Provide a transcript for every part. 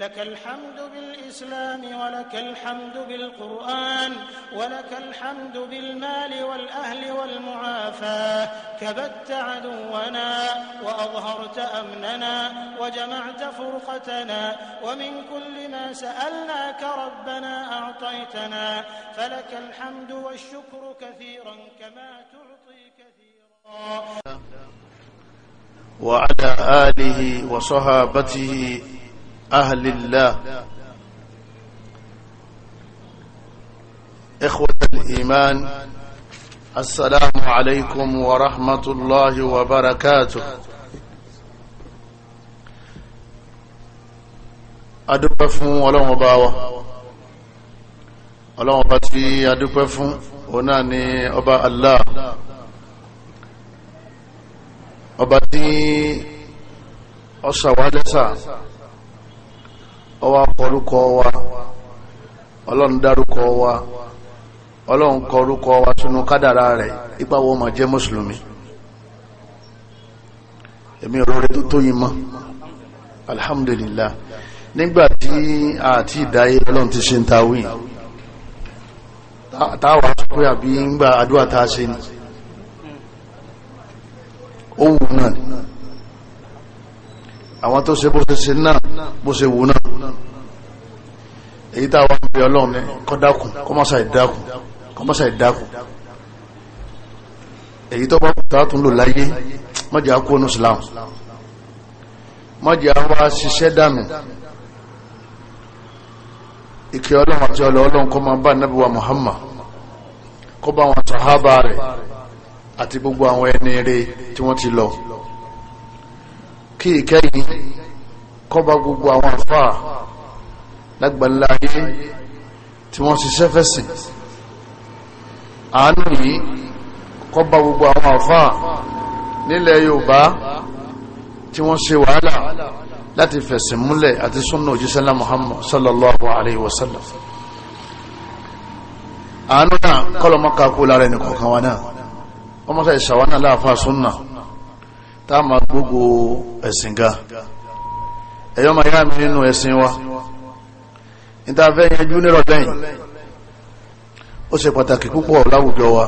لك الحمد بالإسلام ولك الحمد بالقرآن ولك الحمد بالمال والأهل والمعافاة كبت عدونا وأظهرت أمننا وجمعت فرقتنا ومن كل ما سألناك ربنا أعطيتنا فلك الحمد والشكر كثيرا كما تعطي كثيرا وعلى آله وصحابته أهل الله إخوة الإيمان السلام عليكم ورحمة الله وبركاته adúpẹ́ fún ọlọ́run ọba wa ọlọ́run ọba tí adúpẹ́ fún òun náà ni ọba Allah ọba tí ọ̀sàwálẹ́sà ọwọ́ akọrúkọ wa ọlọ́run dárúkọ wa ọlọ́run kọrúkọ wa sínú kádàrá rẹ̀ ipa wọ́n ma jẹ́ mùsùlùmí èmi òróró tó tó yìí mọ́ alhamdulillah nígbàtí àti ìdáyé ọlọ́run ti ṣe ń tawí táwà pé àbí ń gba àdúrà tá a ṣe ni ó wù náà àwọn tó ṣe bó ṣe ṣe náà bó ṣe wù náà èyí tá àwọn ọmọ ọlọ́run ní kọ́dákùn kọ́mọ́sà ìdákùn kọ́mọ́sà ìdákùn èyí tó bá kùtà tún lò láyé mọ́jà kú ọ̀nà islam mọ́jà wá ṣiṣẹ́ dànù ìkẹ́ ọlọ́run àti ọlọ́run kọ́ máa bá nábì wa Muhammad kọ́ bá wọn sàhábà rẹ̀ àti gbogbo àwọn ẹni rẹ̀ tí wọ́n ti lọ kí ìkẹyìn kọba gbogbo àwọn àfáà lágbàlá ayé tí wọ́n ṣiṣẹ́ fẹ́sìn àánú yìí kọba gbogbo àwọn àfáà nílẹ̀ Yorùbá tí wọ́n ṣe wàhálà láti fẹ̀sìn múlẹ̀ àti súnà òjísẹ́lá Muhammad sallallahu alayhi wa sallam àánú náà kọlọmọkà kó lára ẹnì wa náà wọ́n mọ́ta ìṣàwánà láàfáà súnà tá a máa gbógo ẹ̀sìn ga ẹ̀yọ́ máa yá mi nínú ẹ̀sìn wa níta fẹ́ yanjú nírọ̀lẹ́ yìí ó ṣe pàtàkì púpọ̀ láwùjọ wa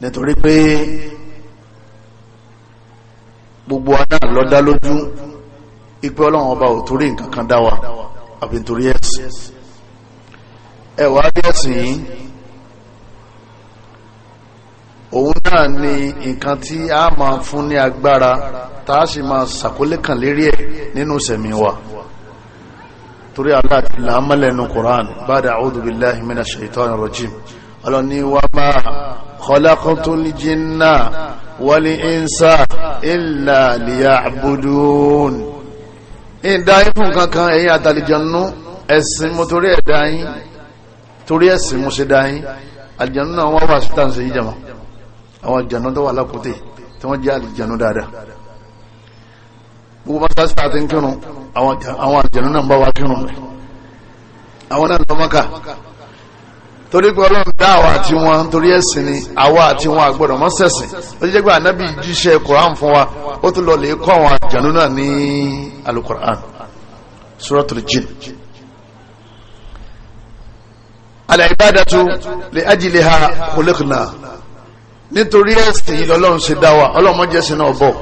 nítorí pé gbogbo adá lọ́dá lójú ipé ọlọ́run ọba ò torí nǹkan kan dá wa àbí nítorí ẹ̀sìn ẹ̀wà ẹ̀sìn yìí òun náà ni nǹkan tí a máa fún ní agbára tá a sì máa ṣàkólé kan lérí ẹ̀ nínú sẹ̀mí wa torí Allah ti Qur'an ba'da a'udhu billahi minash shaitani rajim ọlọ́ni wa ma khalaqtul jinna wal insa illa liya'budun ìdáyín fún kankan ẹ̀yìn àtàlìjọ́nú ẹ̀sìn mo torí ẹ̀dáyín torí ẹ̀sìn mo ṣe dáyín àlìjọ́nú náà wọ́n wà sí tàǹsì yìí jẹ́mọ́ àwọn àjànú tó wà lákòótè tí wọ́n jẹ́ àlìjànú dáadáa gbogbo mọ́sáàsì àti ń kírun àwọn àjànú náà ń bá wa kírun rẹ̀ àwọn náà lọ mọ́kà torí pé ọlọ́run dá àwa àti wọn torí ẹ̀sìn ni àwa àti wọn àgbọ̀dọ̀ mọ́ sẹ̀sìn ó ti jẹ́ pé ànábì jíṣẹ́ koran fún wa ó tún lọ lè kọ́ àwọn àjànú náà ní alukoran suratul jin al-ibadatu li ajliha khuliqna nítorí ẹ̀sìn yìí lọ́lọ́run ṣe dá wa ọlọ́mọ jẹ́sìn náà bọ̀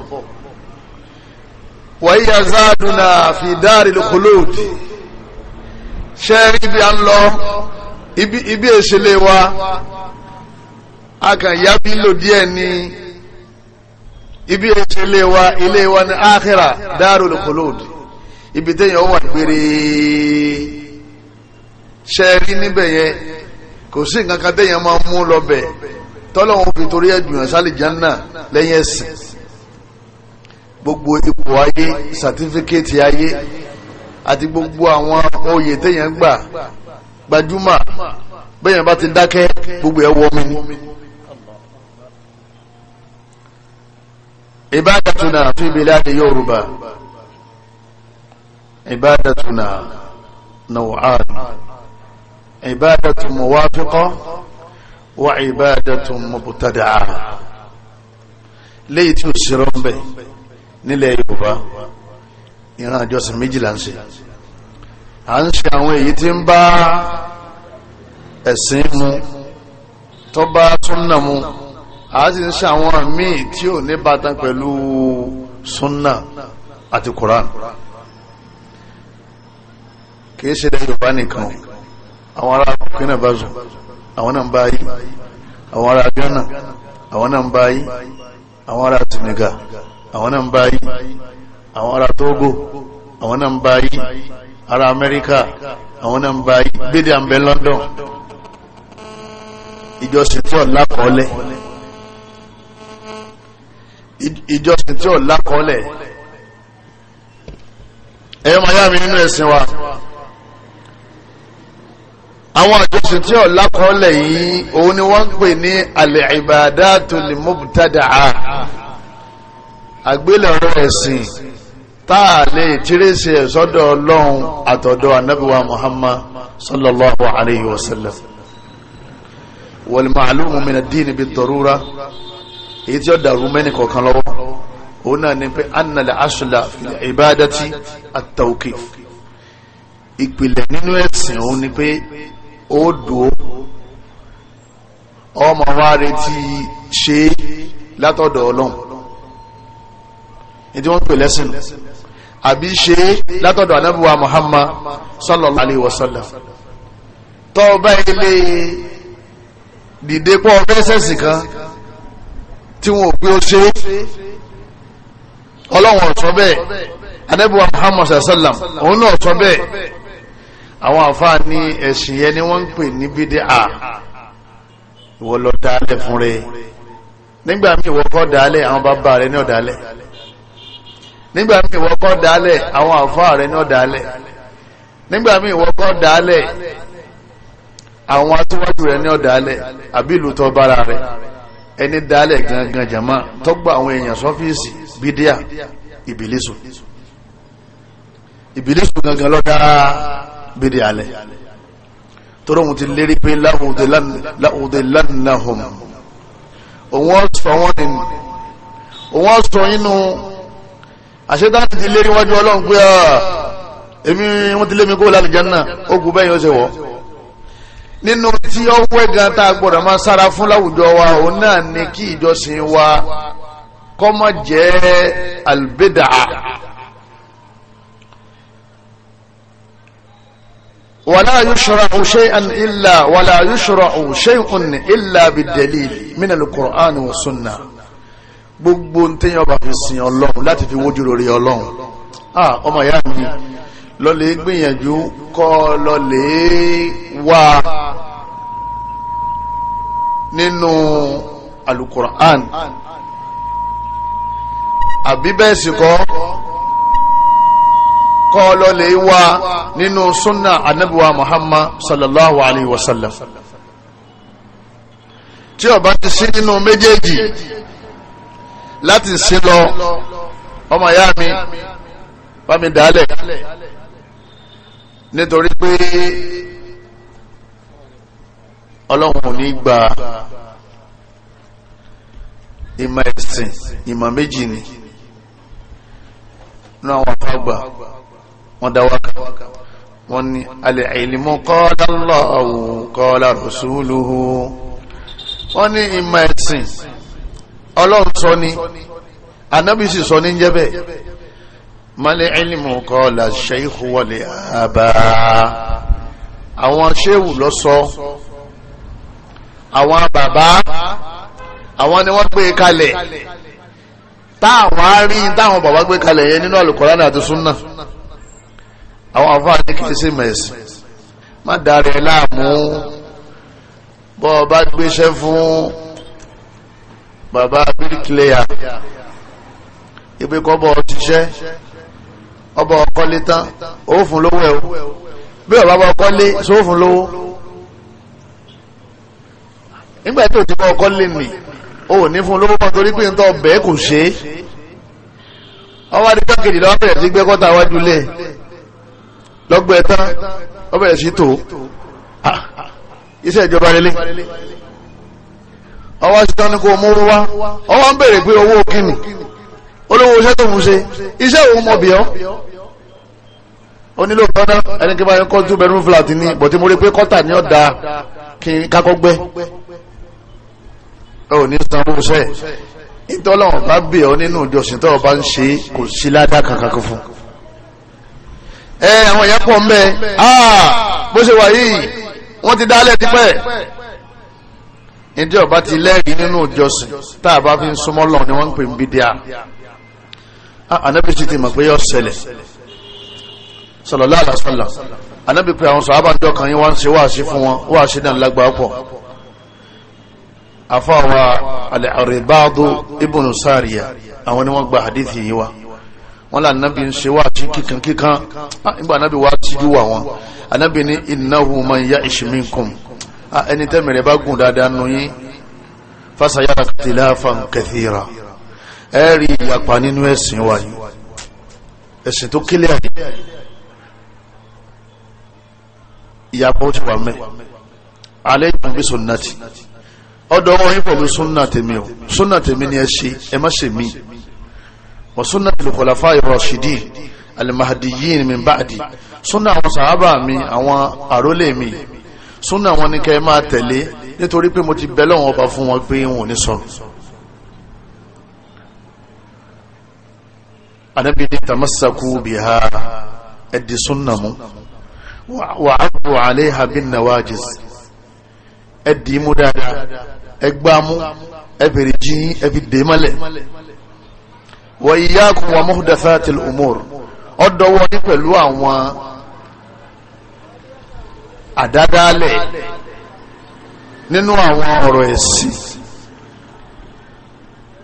wàyí azaduna fi dáàrí lókòlóòdì ṣe ibi à ń lọ ibi èṣèlè wa akànyà bí lò díẹ̀ ní ibi èṣèlè wa ilé wa ní áhìrà dáàrí lókòlóòdì ibi téèyàn wà gbére ṣe rí níbẹ̀ yẹn kò sí nǹkan kan téèyàn máa mú lọ bẹ́ẹ̀ tọ́lọ́hún fi torí ẹ̀dùn ẹ̀sálì jẹ́nà lẹ́yìn ẹ̀sìn gbogbo ipò ayé sàtífíkẹ́ẹ̀tì ayé àti gbogbo àwọn oyè téèyàn gbà gbajúmọ̀ bẹ́yàn bá ti dákẹ́ gbogbo ẹ̀ wọ́mi ni. ìbádatuna fi biladi Yorùbá ìbádatuna naw'an ìbádatu muwafiqa wa ibadatun mubtada'a léyìí tí ó ṣe rọ́mbẹ̀ nílẹ̀ yorùbá ìran àjọsìn méjìlá ń ṣe à ń ṣe àwọn èyí tí ń bá ẹ̀sìn mu tó bá súnnà mu a sì ń ṣe àwọn míì tí ò ní bàtàn pẹ̀lú súnnà àti koran kìí ṣe lẹ́yìn yorùbá nìkan àwọn ará kínà bá zùn àwọn na mba ahị: àwọn ara vienna àwọn na mba ahị: ara tuniga àwọn na mba ahị: àwọn ara togo àwọn na mba ahị: ara america àwọn na mba ahị: belgium ben london ijọsintiọọ l'akọọlẹ̀ ẹ̀yọ ma ya mi nrịsịwa àwọn àjọsìn tí ọ̀la kọ́lẹ̀ yìí òun ni wọ́n ń pè ní al-ibadatul mubtada'a àgbélẹ̀rọ ẹ̀sìn táà lè tírèsì ẹ̀sọ́dọ̀ ọlọ́run àtọ̀dọ̀ anábíwá muhammad sallallahu alayhi wa sallam wal ma'lumu min ad-din bid-darura èyí tí ó dàrú mẹ́ni kọ̀ọ̀kan lọ́wọ́ òun náà ni pé anna al-asla fil ibadati ìpìlẹ̀ nínú ẹ̀sìn òun ni pé ó dò ọmọ wa retí ṣe látọ̀dọ̀ ọlọ́run ní tí wọ́n pè lẹ́sìn àbí ṣe látọ̀dọ̀ anábíwá Muhammad sallallahu alaihi wasallam tọ́ bá ilé dìde pọ́ ọ̀fẹ́sẹ̀sì kan tí wọ́n pé ó ṣe ọlọ́run ọ̀sọ́ bẹ́ẹ̀ anábíwá Muhammad sallallahu alaihi wasallam òun náà ọ̀sọ́ bẹ́ẹ̀ àwọn àfáà ní ẹ̀sìn yẹn ni wọ́n ń pè ní bídí à ìwọ lọ dálẹ̀ fún rẹ nígbà míì ìwọ kọ́ dálẹ̀ àwọn bàbá rẹ ní ọ̀dálẹ̀ nígbà míì ìwọ kọ́ dálẹ̀ àwọn àfáà rẹ ní ọ̀dálẹ̀ nígbà míì ìwọ kọ́ dálẹ̀ àwọn aṣíwájú rẹ ní ọ̀dálẹ̀ àbí ìlú tó bára rẹ ẹni dálẹ̀ gangan jàmá tọ́gbà àwọn èèyàn sọ́fíìsì bídíà ìbílísù ìbílísù gangan lọ́dáa bídí alẹ́ torí òun ti lérí pé láòdè lánàhùn òun ọ̀sọ̀ wọn ni òun ọ̀sọ̀ inú àṣetáàtì ti lérí wájú ọlọ́run pé ah, èmi wọ́n ti lé mi kó lálùjánnà ó kù bẹ́yìn ó ṣe wọ́ nínú tí ó wẹ́ gan tá a gbọ́dọ̀ máa sára fún láwùjọ wa òun náà ni kí ìjọsìn wa kó jẹ́ àlùbẹ́dàá ولا يشرع شيئا إلا ولا يشرع شيء إلا بالدليل من القرآن والسنة gbogbo ń tẹ́yàn bá fi sin ọlọ́run láti fi wójú lórí ọlọ́run ah ọmọ ìyá mi lọ́lẹ̀ gbìyànjú kọ́ lọ́lẹ̀ wá nínú alukur'an àbí bẹ́ẹ̀ sì kọ́ kọ́ lọ́lẹ̀ wá nínú súnà anábíwá muhammad sallallahu alayhi wa sallam tí ó bá ti sí nínú méjèèjì láti sí lọ ọmọ ìyá mi bá mi dálẹ̀ nítorí pé ọlọ́run ò ní gba ìmọ̀ ẹ̀sìn ìmọ̀ méjì ni nínú àwọn àgbà wọ́n dá wákà wọ́n ní al-ilmu qala Allahu qala rasuluhu wọ́n ní ìmọ̀ ẹ̀sìn ọlọ́run sọ ní anábì sì sọ ní jẹ́ bẹ́ẹ̀ mal ilmu qala shaykhu wal aba àwọn ṣéwù lọ sọ àwọn bàbá àwọn ni wọ́n gbé e kalẹ̀ táwọn á táwọn bàbá gbé kalẹ̀ yẹn nínú Al-Qur'an àti súnà àwọn àfáà ní kìí sí mẹ́sì má darí ẹ láàmú bọ́ ọ bá gbéṣẹ́ fún bàbá bíríkìlẹ́yà ìpè kọ́ bọ́ ọ ṣiṣẹ́ ọba ọkọ́lé tán ó fún lówó ẹ̀ bí ọba bá ọkọ́lé só fún lówó nígbà tó ti bọ́ ọkọ́lé nì ó ní fún lówó kan torí pé ń tọ́ bẹ́ẹ̀ kò ṣe é ọwọ́ adigun kejì lọ́wọ́ bẹ̀rẹ̀ sí gbẹ́kọ́ta wájú lẹ́ẹ̀ lọ́gbẹ́ tán ó bẹ̀rẹ̀ sí tó iṣẹ́ ìjọba lélẹ̀ ọwọ́ sí tán ní kò mú wá ọwọ́ ń bèèrè pé owó kíni olówó iṣẹ́ tó mú ṣe iṣẹ́ òun mọ̀ bíọ́ onílò kọ́nà ẹni kí báyọ̀ kọ́ two bedroom flat ní bọ̀tí mo rí pé kọ́tà ní ọ̀dà kakọ́gbẹ́ ò ní sanwó iṣẹ́ ìtọ́lọ́wọ̀n bá bíọ́ nínú ìjọsìn tó bá ń ṣe kò sí ládàá kankan fún un ẹ àwọn èèyàn pọ̀ mbẹ́ ah, ah, bó ṣe wà yìí wọ́n ti dálẹ̀ tipẹ́ ìdí ọba ti lẹ́rìí nínú ìjọsìn tá a bá fi ń súnmọ́ lọ ni wọ́n ń pè ń bídíà anabi ah, sì ti mọ̀ pé yọ ṣẹlẹ̀ sallallahu alaihi wasallam anabi pé àwọn sọ̀rọ̀ abájọ kan yín wá ń ṣe wáàsí fún wọn wáàsí náà lágbàá pọ̀ afọ àwa al-Irbaad ibn Sariya àwọn ni wọ́n gba hadithi yìí wá wọn là nàbí ń ṣe wáàtí kíkan kíkan ah, nígbà nàbí wá tíjú wà wọn ànàbí ní innahu man ya'ish minkum ah, ẹni tẹ́mẹ̀rẹ̀ bá gùn dáadáa nù yín fasayara ikhtilafan kathira ẹ rí ìyapa nínú ẹ̀sìn wa yìí ẹ̀sìn tó kílẹ̀ àyè ìyapa ó ti wà mẹ́ alẹ́ ìtàn bí sunnati ọ̀dọ̀ wọn yín pọ̀ bí sunnati mi o sunnati mi ni ẹ ṣe ẹ má ṣe mí wa sunna al-khulafa ar-rashidin al-mahdiyyin min ba'di sunna àwọn sàhábà mi àwọn àrólé mi sunna wọn ni kẹ́ máa tẹ̀lé nítorí pé mo ti bẹ̀ lọ́wọ́ ọba fún wọn pé wọn ò ní anabi ni tamassaku biha ẹ̀dì sunna mu wa abu alayha bin nawajiz ẹ̀dì mu dáadáa ẹgbàá mu ẹbẹ̀rẹ̀ jí ẹbí dèémálẹ̀ wa iyyakum wa muhdathatil umur ọdọwọ ní pẹ̀lú àwọn àdádálẹ̀ nínú àwọn ọ̀rọ̀ ẹ̀sìn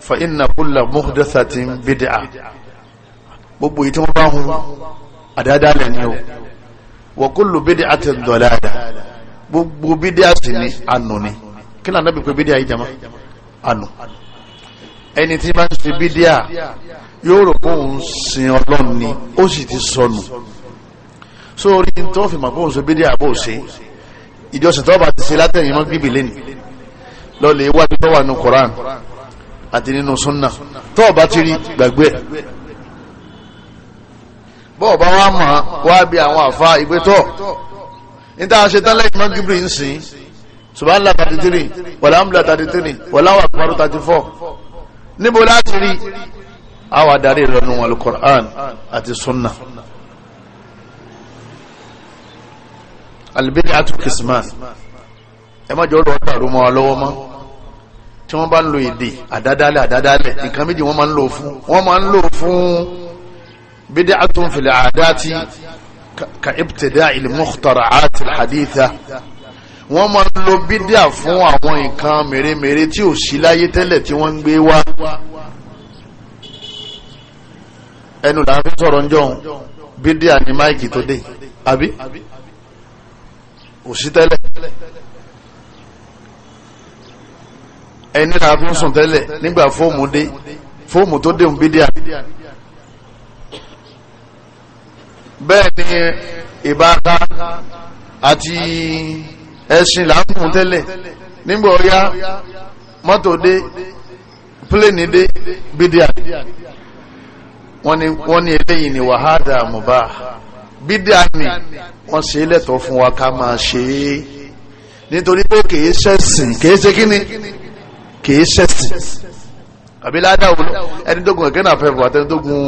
fa inna kulla muhdathatin bid'a gbogbo yìí tí wọ́n bá hun àdádálẹ̀ ni o wa kullu bid'atin dalala gbogbo bídíà sì ni ànú ni kí ni ànábì pé bídíà yìí jama ànú ẹni tí bá ń ṣe bídíà yóò rò pé òun sin ọlọ́run ni ó sì ti sọnù sórí tó fi mọ̀ pé òun ṣe bídíà bó ṣe ìjọsìn tó bá ti ṣe látẹ̀yìn mọ́ bíbí lẹ́nu lọ́lẹ̀ ìwádìí tó wà nínú Koran àti nínú Sunna tó bá ti rí gbàgbé bọ́ọ̀ bá wá mọ̀ wá bí àwọn àfa ìgbé tọ́ níta ṣe tán lẹ́yìn mọ́ bíbí ń sìn subhanallah thirty three wàlámùlá thirty three wàláwà àkùbárù thirty four níbo láti rí àwọn adarí ìrọ̀nù alukur'an àti sunna albidi atu kisman ẹ má jọ lọ dàrú mọ́ lọ́wọ́ mọ́ tí wọ́n bá ń lo èdè àdádálẹ̀ àdádálẹ̀ nǹkan méjì wọ́n máa ń lò fún wọ́n máa ń lò fún bidi atu àdá ti ka ibtidaa il mukhtara'at al wọ́n máa ń lo bídíà fún àwọn nǹkan mèremère tí ò sí láyé tẹ́lẹ̀ tí wọ́n ń gbé wá ẹnu là ń fi sọ̀rọ̀ ń jọun bídíà ni máìkì tó dé àbí ò sí tẹ́lẹ̀ ẹni là ń fi sùn tẹ́lẹ̀ nígbà fóòmù dé fóòmù tó dé ń bídíà bẹ́ẹ̀ ni ìbáka àti ẹ̀sìn là ń mú tẹ́lẹ̀ nígbà ọ̀yá mọ́tò dé pílẹ̀nì dé bídíà wọ́n ní eléyìí ni wàhádà mùbá bídíà ni wọ́n ṣe lẹ́tọ̀ọ́ fún wa ká máa ṣe é nítorí pé kìí ṣẹ̀sìn kìí ṣe kíni kìí ṣẹ̀sìn àbí ládàá wo ẹni tó gun kẹ̀kẹ́ náà àtẹni tó gun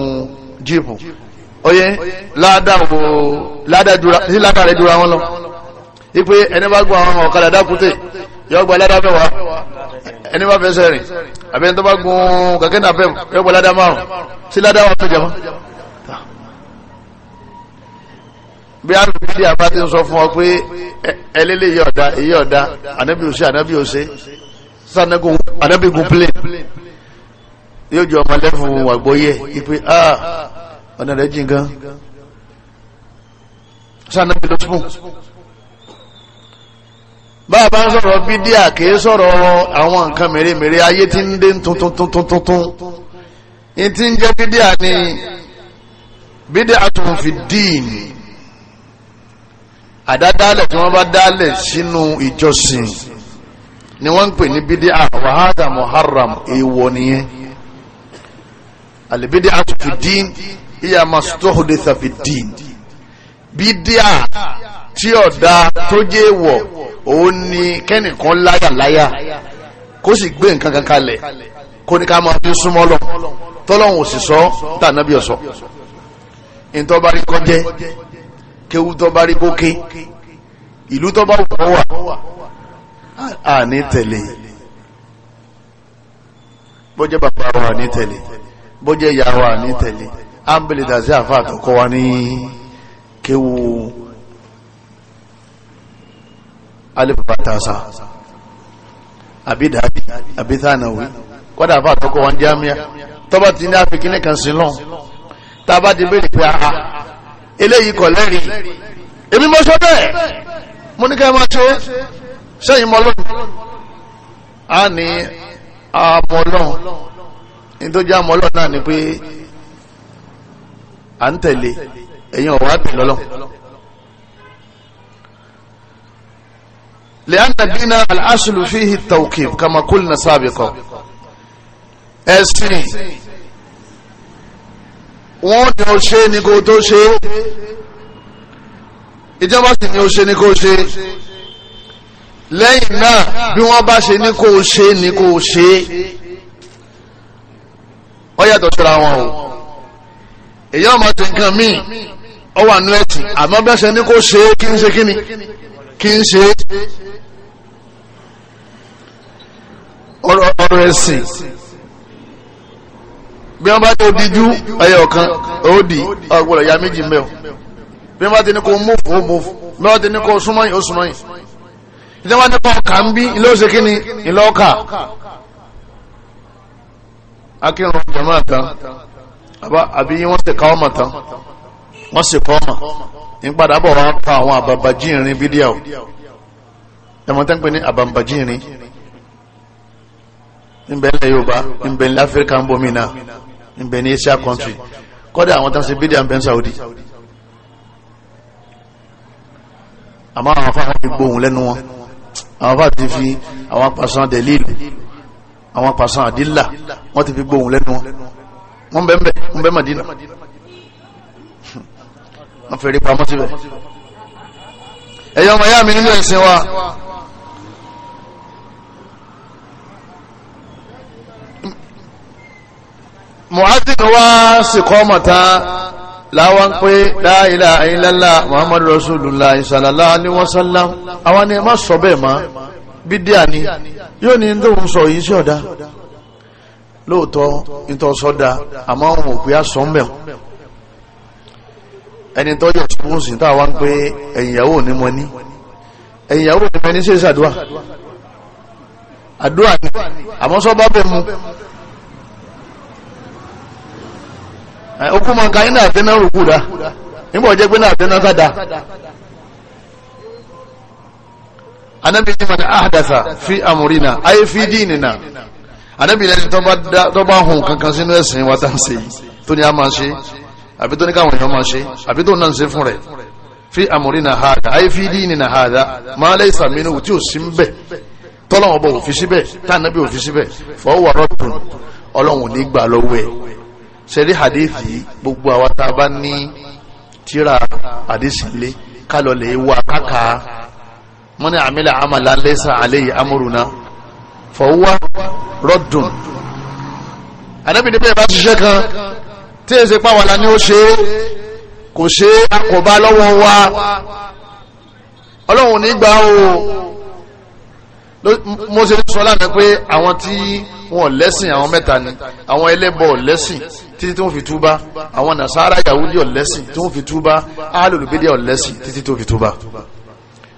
jíìpù ó yẹ ládàá wo ládàá sí ládàá rẹ dúra wọn lọ ipe ẹni bá gun àwọn ọ̀kadà dákúté yọ gba ládá mẹ́wàá ẹni bá fẹsẹ̀ rìn àbẹ́ tó bá gun kẹ̀kẹ́ náà fẹ́m yọ gba ládá márùn sí ládá wọn tó jẹmọ́. bí a lè fi àbá ti ń sọ fún ọ pé ẹlẹ́lẹ́ yìí ọ̀dá èyí ọ̀dá ànábì òsè ànábì òsè sanagun ànábì gun plé yóò jọ ọmọ lẹ́fún àgbóyè ipe ọ̀nà rẹ̀ jìn gan lọ́sùn. bàbá ń sọ̀rọ̀ bídíà kìí sọ̀rọ̀ àwọn nǹkan mèremère ayé tí ń dé tuntun tuntun tuntun ní tí ń jẹ́ bídíà ni bídíà tó ń fi díìnì àdádálẹ̀ tí wọ́n bá dálẹ̀ sínú ìjọsìn ni wọ́n ń pè ní bídíà wàhádà muharram èèwọ̀ nìyẹn àlèbídíà tó fi díìnì ìyá mastohudetha fi díìnì bídíà tí ọ̀dà tó jẹ́ wọ̀ òun ni kẹ́nìkan láyà láyà kó sì gbé nǹkan kan kalẹ̀ kó ní ká máa fi súnmọ́ lọ tọ́lọ́hún ò sì sọ tànàbí ọ̀sọ́ ìtọ́ba rí kọjẹ́ kéwú tọ́ba kókè ìlú tọ́ba wọ̀ wà á ní tẹ̀lé bọ́jẹ́ bàbá wa ní tẹ̀lé bọ́jẹ́ ìyá wa ní tẹ̀lé ámbẹ̀lẹ̀ dàzí àfa àtọ̀kọ́ wa ní kéwú alif batasa àbí dàbí àbí thanawi kọ́dà àbá àtọ́kọ̀ wọn jámíà tọ́ba ti ní àfikín ní kan sí lọ́n tá a bá ti béèrè pé aha eléyìí kọ̀ lẹ́rìí èmi mọ́ bẹ́ẹ̀ mo ní ká máa ṣe sẹ́yìn mọ́ a ní àmọ́ lọ́n ní tó jẹ́ àmọ́ náà ni pé à ń tẹ̀lé ẹ̀yin ọ̀wá bì lọ́lọ́n. lẹ́yìn dínà aláṣùlù fíhì tawqif kamakul na sábìkọ ẹ̀sìn wọ́n ní o ṣe ni kò tó ṣe ìjọba sì ni o ṣe ni kò ṣe lẹ́yìn náà bí wọ́n bá ṣe ni kò ṣe ni kò ṣe ó yàtọ̀ síra wọn o èyí ọmọ ti nǹkan míì ó wà nú ẹ̀sìn àmọ́ bí wọ́n ṣe ni kò ṣe kí ni ṣe kí ni kí n ṣe ọ̀rọ̀ ẹ̀sìn bí wọ́n bá tó díjú ẹyọ kan ó di ọgbọ̀rọ̀ ìyá méjì mẹ́ o bí wọ́n bá ti ní kó múfù ó múfù bí wọ́n ti ní kó súnmọ́yìn ó súnmọ́yìn ìjọba ní kó ọkà ń bí ilé òṣè kí ni ilé ọkà akínrun jẹ̀mọ́ àtàn àbí wọ́n ti ká ọmọ tán wọ́n sì kọ́ ọmọ ń padà bọ̀ wọ́n pa àwọn àbàbàjínrin fídíò ẹmọ tẹ́ ń pè ní àbàbàjínrin ńbẹ̀ Yorùbá ńbẹ̀ ilẹ̀ Áfíríkà ń Asia country kọ́dà àwọn tán sí fídíò ńbẹ̀ ń Saudi àmọ́ àwọn afá wọn fi gbóhùn lẹ́nu wọn àwọn afá ti fi àwọn apàṣán dẹ̀lílù àwọn apàṣán àdílà wọ́n ti fi gbóhùn lẹ́nu wọn wọ́n bẹ́ẹ̀ bẹ́ẹ̀ wọ́n wọ́n fèrè pamọ́ síbẹ̀ ẹ̀yọ́ ọmọ ìyá mi nínú ẹ̀sìn wa mu'adh kan wá sìkọ́ mọ̀ta láwọn pé la ilaha illallah muhammadu rasulullah sallallahu alaihi wasallam àwọn ni ẹ má sọ bẹ́ẹ̀ má bídíà ni yóò ní tó ń sọ yìí sí ọ̀dá lóòótọ́ ìtọ́sọ́dá àmọ́ òun òkú yá sọ mẹ́wọ̀n ẹni tọ́jọ̀ tí wọ́n sì táwa ń pé ẹ̀yìnyàwó ní mọ́ ní ẹ̀yìnyàwó ní mẹ́ni ṣe ṣàdúà àdúà ni àmọ́sọ́ bá bẹ̀ mu okú mọ̀ nǹkan iná àtẹ́ná rùkú dá nígbà ọjọ́ pé náà àtẹ́ná sádà anábì ní mọ̀ni àdàsà fi àmúrínà ayé fi dínìnà anábì lẹ́ni tó bá hùn kankan sínú ẹ̀sìn wa tá ń ṣe tó ní a máa ṣe àbí tó ní káwọn èèyàn máa ṣe àbí tó náà ń ṣe fún rẹ̀ fi amrina hadha ayé fi dinina hadha ma laysa minhu tí ò sí ń bẹ̀ tọ́lọ́wọ́n bọ̀ òfin síbẹ̀ tánàbí òfin síbẹ̀ fọwọ́ rọ́tùn ọlọ́run ní gbà lọ́wọ́ ẹ̀ ṣẹ̀rí hadithi gbogbo àwa tá a bá ní tíra hadithi lé kálọ̀ lè wá káka mọ́ ní àmìlà àmàlà lẹ́sà àléyìí amúrùnà fọwọ́ rọ́tùn anábìnrin bẹ́ẹ̀ bá ṣiṣẹ́ kan tí èsì pàwàlà ni ó ṣe kò ṣe akọ̀bá lọ́wọ́ wa ọlọ́run nígbà o mo ṣe sọ lánàá pé àwọn tí wọn lẹ́sìn àwọn mẹ́ta ni àwọn ẹlẹ́bọ lẹ́sìn títí tí wọ́n fi túbá àwọn nasara yahudi ọ̀lẹ́sìn tí wọ́n fi túbá alùlùbídẹ́ ọ̀lẹ́sìn títí tí wọ́n fi túbá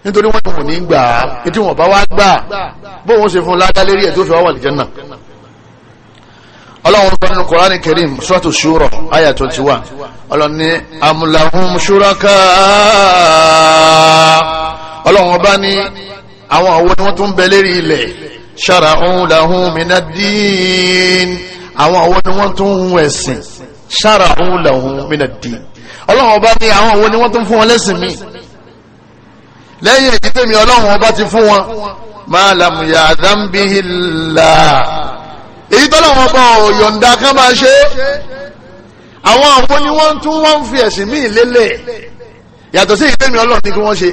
nítorí wọ́n kò ní gbà á etí wọn bá wá gbà bó ṣe fún ládá lérí ẹ̀ tó fi wá wà lìjẹ́ náà ọlọ́run bá nínú Kùránì Karim suratu Shura ayà 21 ọlọ́run ní amúláhùn ṣúraká ọlọ́run bá ní àwọn àwọn ni wọ́n tún bẹ lérí ilẹ̀ shara'u lahum minaddin àwọn àwọn ni wọ́n tún hun ẹ̀sìn shara'u lahum minaddin ọlọ́run bá ní àwọn àwọn ni wọ́n tún fún wọn lẹ́sìn mi lẹ́yìn èyí tèmi ọlọ́run ọba ti fún wọn ma lam ya'dhan èyí tọ́lọ́wọ́n bá ọ̀yọ̀ǹda kan máa ṣe àwọn àwọn ni wọ́n tún wọ́n ń fi ẹ̀sìn míì lélẹ̀ yàtọ̀ sí ìfẹ́ mi ọlọ́run ní kí wọ́n ṣe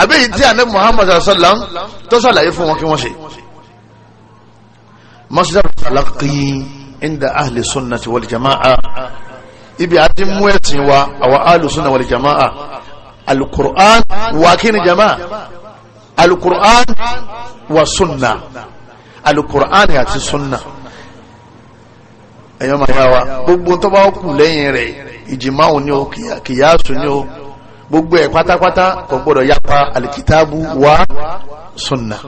àbí èyí tí ànábì Muhammad sallam tó ṣàlàyé fún wọn kí wọ́n ṣe. masjid al inda ahli sunnati wal jama'a ibi àti mú ẹ̀sìn wa awa ahli sunna wal jama'a alukur'an wa kini jama'a alukur'an wa sunna alukur'an àti sunna ẹ̀yọ́ máa yá wa gbogbo tó bá kù lẹ́yìn rẹ̀ ìjìmá òní o kìyàsù ni o gbogbo ẹ̀ pátápátá kò gbọ́dọ̀ yapa alikitaabu wa sunna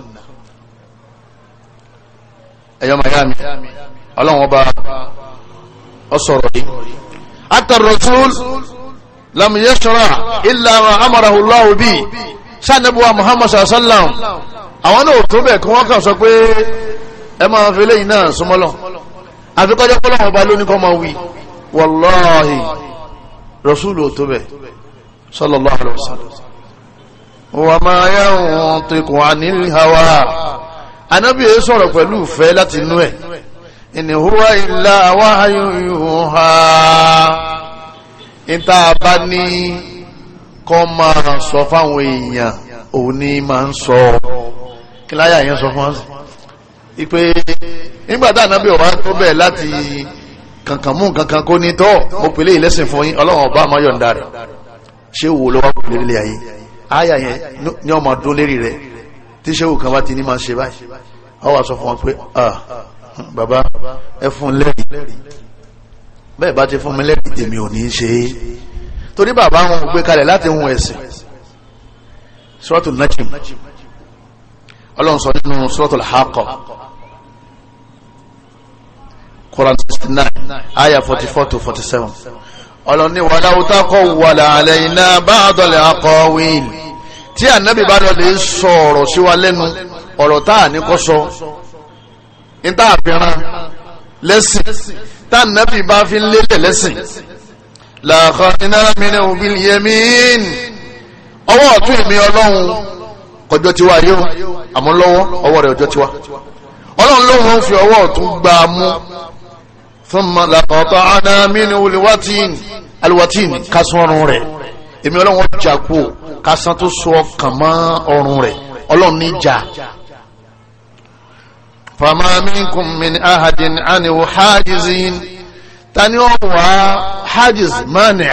ẹ̀yọ́ máa yá mi ọlọ́run ọba ọsọ̀rọ̀ yìí atarrasul lam yashra illa bi sanabuwa muhammad sallam àwọn náà tó bẹ̀ kí wọ́n kàn sọ pé ẹ máa fi lẹ́yìn náà súnmọ́ lọ àfikọ́jọ́ pọ́lọ́wọ́ bá lóní kọ́ máa wí wàláhì rọ̀súlù tó bẹ̀ sallallahu alaihi wasallam wa ma yantiqu anil hawa anábì yẹn sọ̀rọ̀ pẹ̀lú ìfẹ́ láti inú ẹ̀ in huwa illa wahyun yuha níta bá ní kọ́ sọ fáwọn èèyàn òun ní ń sọ kíláyà yẹn sọ fún wa sí nígbà tá ànábì ọba tó bẹ̀ láti kankan mú kankan kó ní tọ́ mo pèlè ìlẹ́sìn fún yín ọlọ́run ọba àmọ́ yọ̀ǹda rẹ̀ ṣé wo ló wá kó lérí ilé ayé àyà yẹn ní ọmọ ọdún lérí rẹ̀ tí ṣé wò kan bá ti ní máa ṣe báyìí ọ wà sọ fún wọn pé bàbá ẹ fún lẹ́rìí bẹ́ẹ̀ bá ti fún mi lẹ́rìí tèmi ò ní ṣe é torí bàbá wọn gbé kalẹ̀ láti hun ẹ̀sìn suratul najm ọlọ́run sọ nínú suratul haqqah Quran 69, ayah 44 to 47. seven ọlọ́ni wàlá òtá kọ́ wàlà àlẹ́ iná bá àdọ̀lẹ̀ akọ̀wìn tí ànábì bá dọ̀lẹ̀ sọ ọ̀rọ̀ sí wa lẹ́nu ọ̀rọ̀ tá à ní kọ́ sọ níta àfihàn lẹ́sìn tá ànábì bá fi ń lélẹ̀ lẹ́sìn làkàn iná mìíràn òbí yẹmín ọwọ́ ọ̀tún mi ọlọ́run ọjọ́ tiwa yóò àmọ́ lọ́wọ́ ọwọ́ rẹ̀ ọjọ́ tiwa ọlọ́run lóun fi ọwọ́ ọ̀tún gbà á mú thumma laqata'na minhu alwatin alwatin kásán ọrùn rẹ̀ èmi ọlọ́run jà kú kásán tó so ọkàn mọ́ ọrùn rẹ̀ ọlọ́run ní jà fama minkum min ahadin anihu hajizin tani ó wà hajiz mani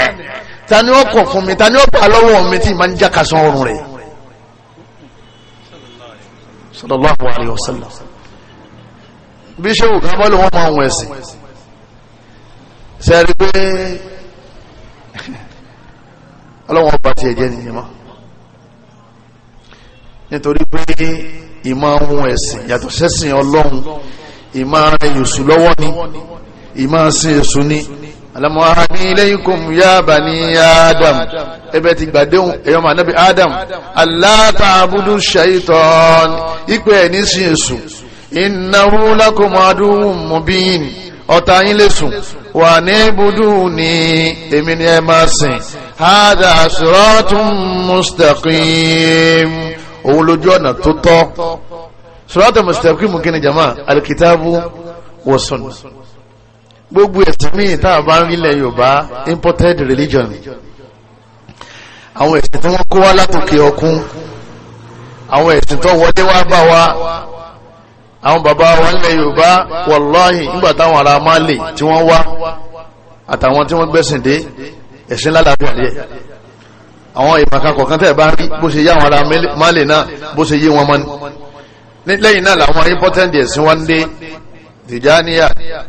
tani ó kọ̀ fún mi tani ó pa lọ́wọ́ mi tí ma ń jà kásán ọrùn rẹ̀ sallallahu alayhi wa sallam bí ṣe wù ká bọ́ lọ́wọ́ máa ń wẹ̀ sí sẹ́rí pé ọlọ́wọ́n ọba ti ẹ̀jẹ̀ nìyẹn mọ́ nítorí pé ìmọ̀ ohun ẹ̀sìn yàtọ̀ sẹ́sìn ọlọ́run ìmọ̀ ara èsù lọ́wọ́ ni ìmọ̀ sin èsù ni alamọ́ha ní ilaykum ya bani adam ẹbẹ̀ ti gbàdéhùn ẹ̀yọ́mọ̀ anábì adam Allah ta'budu shaitan ìpè ẹ̀ ní sin èsù innahu lakum aduwwun mubin ọ̀tá yín lè sùn wà ní budu ni èmi ni ẹ máa sìn hada siratun mustaqim òun lójú ọ̀nà tó tọ́ siratun mustaqim kí ni jama alikitabu wa sunna gbogbo ẹ̀sìn míì tá bá ń rílẹ̀ yorùbá imported religion àwọn ẹ̀sìn tí wọ́n kó wá látòkè ọkùn àwọn ẹ̀sìn tó wọlé wá bá wa àwọn bàbá wa nílẹ̀ yorùbá wàláhì nígbà táwọn ará Málì tí wọ́n wá àtàwọn tí wọ́n gbẹ̀sìn dé ẹ̀sìn lálàáfíà díẹ̀ àwọn ìmọ̀kan kọ̀ọ̀kan tẹ́ bá rí bó ṣe yá àwọn ará Málì náà bó ṣe yé wọn mọ́ ní lẹ́yìn náà làwọn important ẹ̀sìn wọn dé tìjáníyà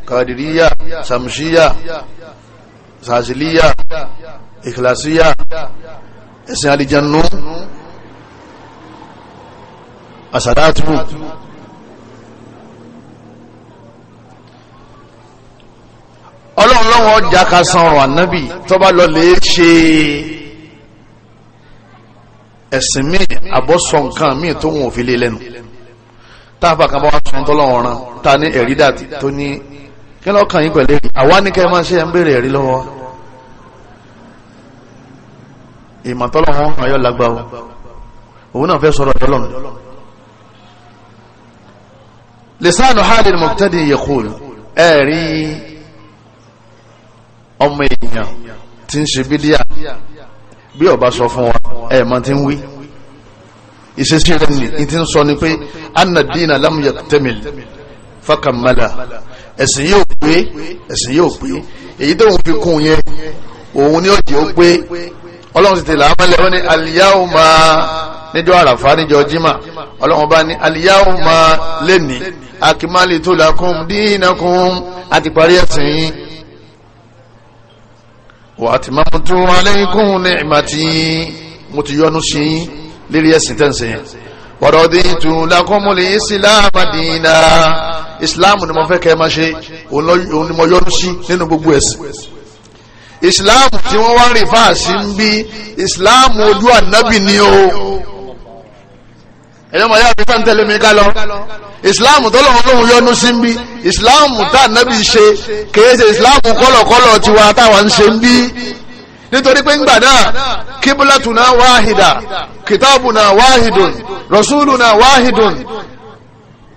kàdìríyà sàmṣíyà sàṣìlíyà ìkìlàsíyà ẹ̀sìn àlìjànú àsàdátù ọlọ́run lọ́wọ́ ọjà ka sanrọ̀ ànábì tó bá lọ lè ṣe ẹ̀sìn míì àbọ̀sọ nǹkan míì tó wọn ò fi lé lẹ́nu táàbà kan bá wà sọ tọ́lọ́wọ́ ran ta ní ẹ̀rí dàtí tó ní kí lọ́kàn yín pẹ̀lú àwa ní kẹ́ máa ṣe ẹ̀ ń béèrè ẹ̀rí lọ́wọ́ ìmọ̀ tọ́lọ́wọ́ hàn yọ lágbá o òun náà fẹ́ sọ̀rọ̀ tọ́lọ́nù lisanu halil mọ̀tẹ́dì yẹ̀kùn ẹ̀rí ọmọ èèyàn tí ń ṣe bídíà bí ọba sọ fún wa ẹ mọ tí ń wí ìṣesí rẹ ní ti ń sọ ni pé anadina lam yaktamil fakamala ẹ̀sìn yóò pé ẹ̀sìn yóò pé èyí tó ń fi kún yẹn òun ni ó jẹ́ ó pé ọlọ́run ti tèlà amálẹ̀ ó ní aliyahuma níjọ́ àràfà níjọ́ jimá ọlọ́run bá ní aliyahuma lẹ́ni akimali tó lakum dínakùn àti parí ẹ̀sìn yìí wa atmamtu alaykum ni'mati mo ti yọ́nú sí yín lérí ẹ̀sìn tẹ̀sìn yẹn wa raditu lakumul islama dina ìsìláàmù ni mo fẹ́ kẹ́ ẹ máa ṣe òun ni mo yọ́nú sí nínú gbogbo ẹ̀sìn ìsìláàmù tí wọ́n wá rìn fáàsì ń bí ìsìláàmù ojú ànábì ni o ẹ̀yọ́ mọ̀ yá àfihàn tẹ̀lé mi ká lọ ìsìláàmù tó lọ́wọ́ lóhun yọnu sí ń bí ìsìláàmù tá ànábì ṣe kìí ṣe ìsìláàmù kọ́lọ̀kọ́lọ̀ tiwa táwa ń ṣe ń bí nítorí pé ńgbà náà kíbúlátùnà wáhìdà kìtàbùnà wáhìdùn rọ̀súlùnà wáhìdùn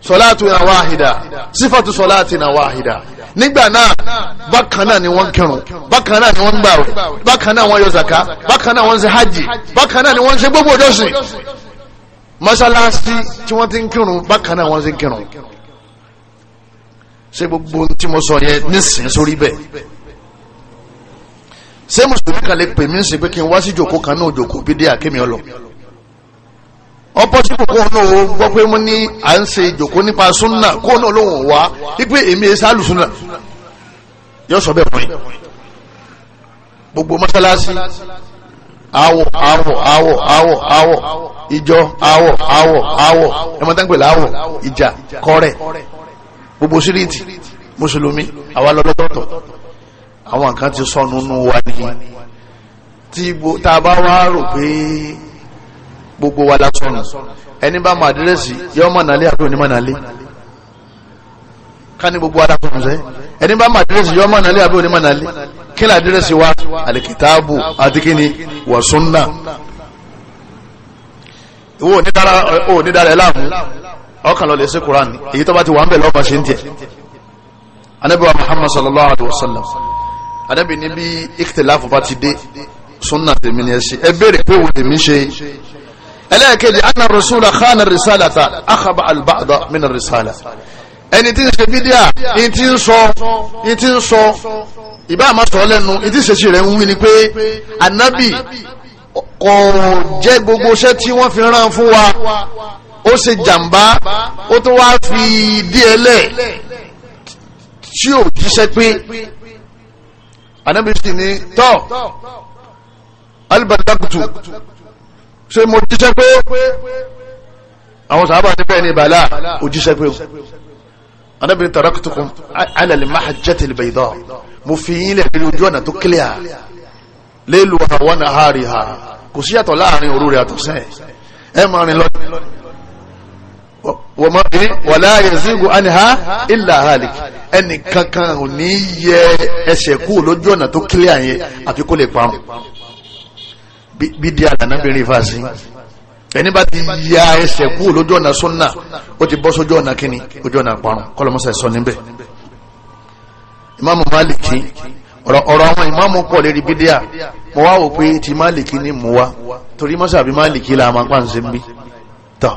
sọlátùnà wáhìdà sífàtù sọlátùnà wáhìdà nígbà náà bákan náà ni wọ́n kírun bákan náà ni wọ́n gbàwẹ̀ bákan náà wọ́n yọ zaka bákan náà wọ́n ṣe hajj bákan náà ni wọ́n ṣe gbogbo ìjọsìn mọ́sálásí tí wọ́n ti ń kírun bákan náà wọ́n ti ń kírun ṣé gbogbo tí mo sọ yẹn nísìnyí sórí bẹ́ẹ̀ ṣé mùsùlùmí kan lè pè mí sí pé kí n wá sí jòkó kan náà jòkó bí dé àkémi ọlọ ọ̀pọ̀ tí kò kóun náà gbọ́ pé mo ní à ń ṣe jòkó nípa súnà kóun náà lòun wá wípé èmi ẹsẹ àlùsúnà yóò sọ bẹ́ẹ̀ fún yín gbogbo mọ́sálásí awọ awọ awọ awọ awọ ìjọ awọ awọ awọ ẹmọtẹ́npẹ̀lẹ̀ awọ ìjà kọrẹ gbogbo síríìtì mùsùlùmí àwa lọ́lọ́tọ̀ àwọn nǹkan ti sọnù nù wa ni tá a bá wá rò pé gbogbo wa la sọnù ẹni bá mọ àdírẹ́sì yọ mọ̀ nàlẹ́ àbí onímọ̀ nàlẹ́ ká ní gbogbo wa la sọnù sẹ́ ẹni bá mọ àdírẹ́sì yọ mọ̀ nàlẹ́ àbí onímọ̀ nàlẹ́ kí la dírẹ́sì wa alikitaabu adikini wa sunna ìwọ onídàrá ẹ láàmú ọkàn lọ lè ṣe Quran èyí tó bá ti wà ń bẹ̀ lọ́pàá ṣe ń tiẹ̀ anabi wa Muhammad sallallahu alaihi wa sallam anabi ni bí ikhtilafu bá ti dé sunna tèmi ni ẹ ṣe ẹ béèrè pé wo tèmi ṣe ẹlẹ́ẹ̀kejì anna rasula khana risalata akhaba albada mina risala ẹni tí ń ṣe bídíà ní ti ń sọ ní ti ń sọ ìbá àmọ́ sọ lẹ́nu ní ti ṣèṣì rẹ̀ ń wí ni pé Anabi. kò jẹ́ gbogbo iṣẹ́ tí wọ́n fi rán fún wa ó ṣe jàǹbá ó tó wá fi díẹ̀lẹ̀ tí ò jíṣẹ́ pé ànábì sì ni tọ́ alibadakutu ṣe mo jíṣẹ́ pé àwọn sábà níbẹ̀ ni bàlá ò jíṣẹ́ pé o anábìrin taraktukum alẹ́lẹ́ mahajjẹ́tì bẹ̀yìdọ́ mo fi yín lẹ̀ lórí ojú ọ̀nà tó kílíà lélu àwọn àhárí ha kò sí yàtọ̀ láàrin òru rẹ̀ àtọ̀sẹ́ ẹ máa rìn lọ́dún wọ́n máa rìn wàlá yazigu anha illa halik ẹnì kankan ò ní yẹ ẹsẹ̀ kú lójú ọ̀nà tó kílíà yẹn àfi kó lè parun bí díẹ̀ ànábìrin fàásì ẹni bá ti ya ẹsẹ̀ kú lójú ọ̀nà sunna ó ti bọ́ sójú ọ̀nà kíni ojú ọ̀nà àparun kọlọmọsẹ̀ sọ níbẹ̀ ìmáàmù máàlìkì ọ̀rọ̀ àwọn ìmáàmù pọ̀ lérí bídíà mo wá wò pé ti máàlìkì ní mú wa torí mọ́sà bí máàlìkì là máa pa ń se ń bí tọ́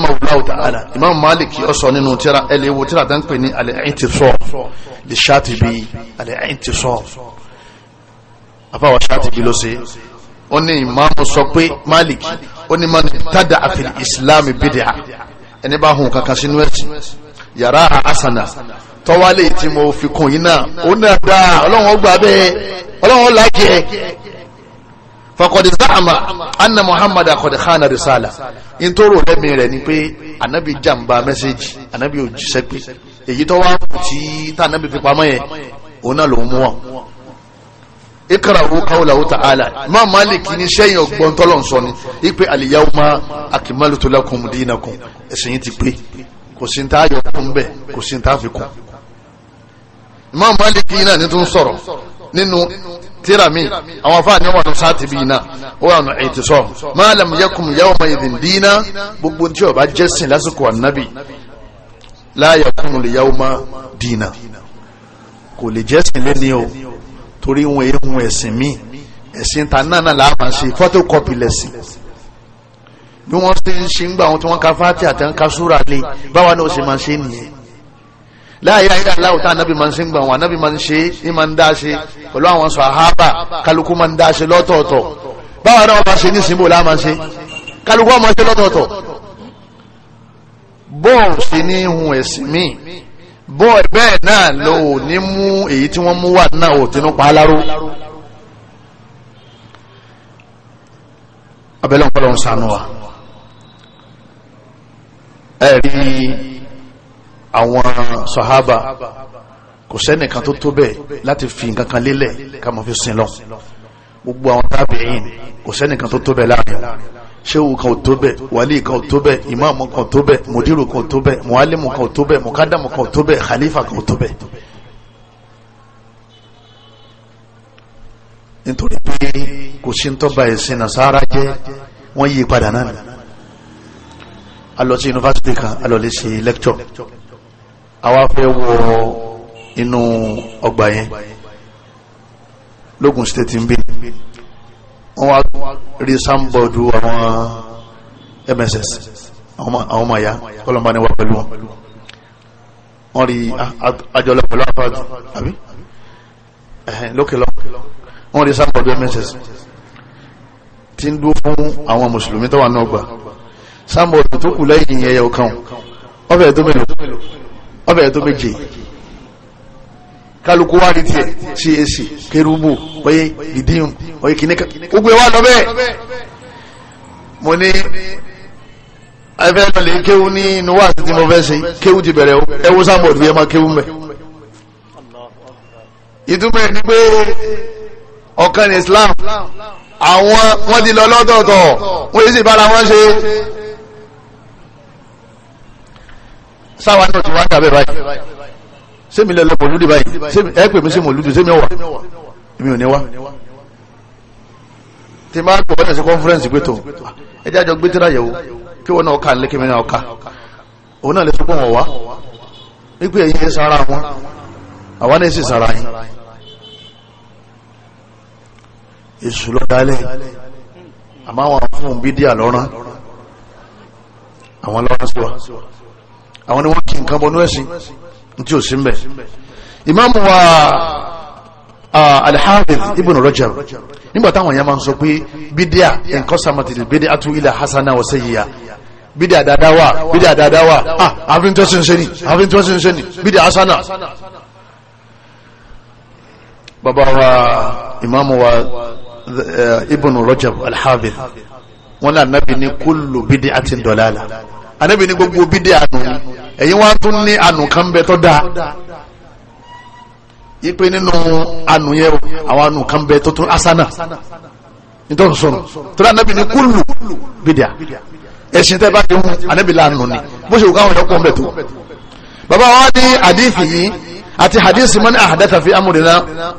ìmáàmù máàlìkì ọ̀sọ̀ nínú tíra ẹlẹ́wò tíra tán pè ní al-i'tisam li Shatibi al-i'tisam afáwọ̀ Shatibi ló ṣe Oni imamu ìmáàmù sọ pé malik ó ní man tada fil islam bid'a ẹni bá hun kankan sínú ẹ̀sìn yàrá asana tọ́wálé tí mo fi kún yín náà ó náà dá ọlọ́run ọgbà bẹ́ẹ̀ ọlọ́run làjẹ́ fakọ̀dé záàmà anna muhammad akọ̀dé khana risala in tó rò lẹ́mí rẹ̀ ni pé anabi jàmbá mẹ́sẹ̀jì anabi òjíṣẹ́ pé èyí tọ́wá kù tá anabi fi pamọ́ yẹn òun náà ló mú wọn ikrahu qawlahu ta'ala ma maliki ni sẹ́yìn ọgbọ́n tọ́lọ̀ ń sọ ni ipe al-yawma akmaltu lakum dinakum ẹ̀sìn yìí ti pé kò sí ta ayọ̀ kún bẹ́ẹ̀ kò sí ta fi kún. ma maliki náà ni tún sọ̀rọ̀ nínú tirami àwọn afáàní wà ní sáà tìbí iná ó wà ní i'tisam ma lam yakun yawma idhin dina gbogbo tí ó bá jẹ́sìn lásìkò ànábì la yakun al-yawma dina kò lè jẹ́sìn lẹ́ni o torí wọn ehun ẹ̀sìn míì ẹ̀sìn ta náà náà làá máa ṣe photocopy lẹ̀sìn bí wọ́n ṣe ń ṣe ń gbà wọn tí wọ́n ka fati àti ń ka súra lé báwa náà ó ṣe máa ṣe nìyẹn láàyè àyè aláwọ̀ tá ànábì máa ń ṣe ń gbà wọn ànábì máa ń ṣe é máa ń dá ṣe pẹ̀lú àwọn sàhábà kálukú máa ń dá ṣe lọ́tọ̀ọ̀tọ̀ báwa náà wọ́n máa ṣe ní ìsìnbó làá máa ṣe kálukú máa ṣe lọ́tọ̀ọ̀tọ̀ bọ́ọ̀ ṣe ní ihun ẹ̀sìn míì bọ́ọ̀ bẹ́ẹ̀ náà ló ò ní mú èyí tí wọ́n mú wà náà ò tinú pa á láró. abẹ́lẹ́ ń kọ́lọ́ ń sànú wa ẹ rí àwọn sàhábà kò sẹ́nìkan tó tó bẹ́ẹ̀ láti fi nǹkan lélẹ̀ ká mọ̀ fi sin lọ gbogbo àwọn tábìlì kò sẹ́nìkan tó tó bẹ́ẹ̀ láàrin sewu kan tó bẹ wali kan tó bẹ imaamu kan tó bẹ mudiru kan tó bẹ mualimu kan tó bẹ mukadamu kan tó bẹ khalifa kan tó bẹ. nítorí pé kò sí ntọ́ba ẹ̀sìn nasara jẹ́ wọ́n yí padà náà ni a lọ sí yunifásitì kan a lọ lè ṣe lẹ́kítọ̀ àwa fẹ́ wọ inú ọgbà yẹn lógun state ń bẹ wọ́n wá rí sáńbọ̀dù àwọn mss àwọn ọmọ àyà kọlọmbà ni wà pẹ̀lú wọn wọ́n rí àjọlọ pẹ̀lú àpáàdù àbí lókèlọ wọ́n rí sáńbọ̀dù mss tí ń dúró fún àwọn mùsùlùmí tó wà náà gbà sáńbọ̀dù tó kù lẹ́yìn ẹyẹ ọkàn ọbẹ̀ tó méje kálukú wá ní tiẹ̀ cac kerubu oye gideon oye kìnìkan gbogbo wa lọ bẹ́ẹ̀ mo ní afẹ́ ìmọ̀lẹ̀ kéwú ní inú wá àti tí mo fẹ́ ṣe kéwú ti bẹ̀rẹ̀ o ẹwú sáàmù òdìbí ẹ máa kéwú mẹ́ ìtumọ̀ ẹni pé ọ̀kan Islam àwọn wọ́n ti lọ lọ́tọ̀ọ̀tọ̀ wọ́n yìí sì bára wọn ṣe sáwọn náà ti wá ń kà báyìí sẹ́mi lẹ́lọ́ mọ̀lúdì báyìí ẹ pè mí sí mọ̀lúdì sẹ́mi ọ̀wà èmi ò ní wá tí máa pọ̀ ọ́nà sí conference gbé tó ẹ jẹ́ àjọ gbé tíra yẹ̀wò kí wọ́n náà ọkà lé kíni ọkà òun náà lè sọ pé wọ́n wá wípé ẹ̀yin sara wọn àwa náà sì sara yín èṣù lọ dálẹ̀ àmọ́ àwọn fún bídíà lọ́rán àwọn lọ́rán sí wa àwọn ni wọ́n kí nǹkan bọnú ẹ̀sìn tí ó sí ń wa al-Hafiz ibn Rajab nígbà táwọn èèyàn máa ń sọ pé bídíà nǹkan sàmàtìlì bídíà tó ilẹ̀ hasana wa sayyi'a bídíà dáadáa wà bídíà dáadáa wà àfin tó ṣinṣẹ́ ni àfin tó ṣinṣẹ́ ni bídíà hasana. bàbá wa imam wa eh, ibn Rajab al-Hafiz wọn náà nábì ní kullu bídíà ti dọ̀lá la anábì ní gbogbo bídíà nù ẹ̀yin wá tún ní ànú kan bẹ tó dáa ipe nínú ànú yẹn àwọn ànú kan bẹ tó tún asana nítorí sọ̀rọ̀ torí anabi ní kúlù bìdíà ẹ̀sìn tẹ́ bá ti mú lánàá ni bó ṣe òkú àwọn yẹn pọ̀ ń bẹ̀ tó bàbá wa ní àdìsí yìí àti hadisi mọ́ni àhàdáta fi amúrìnà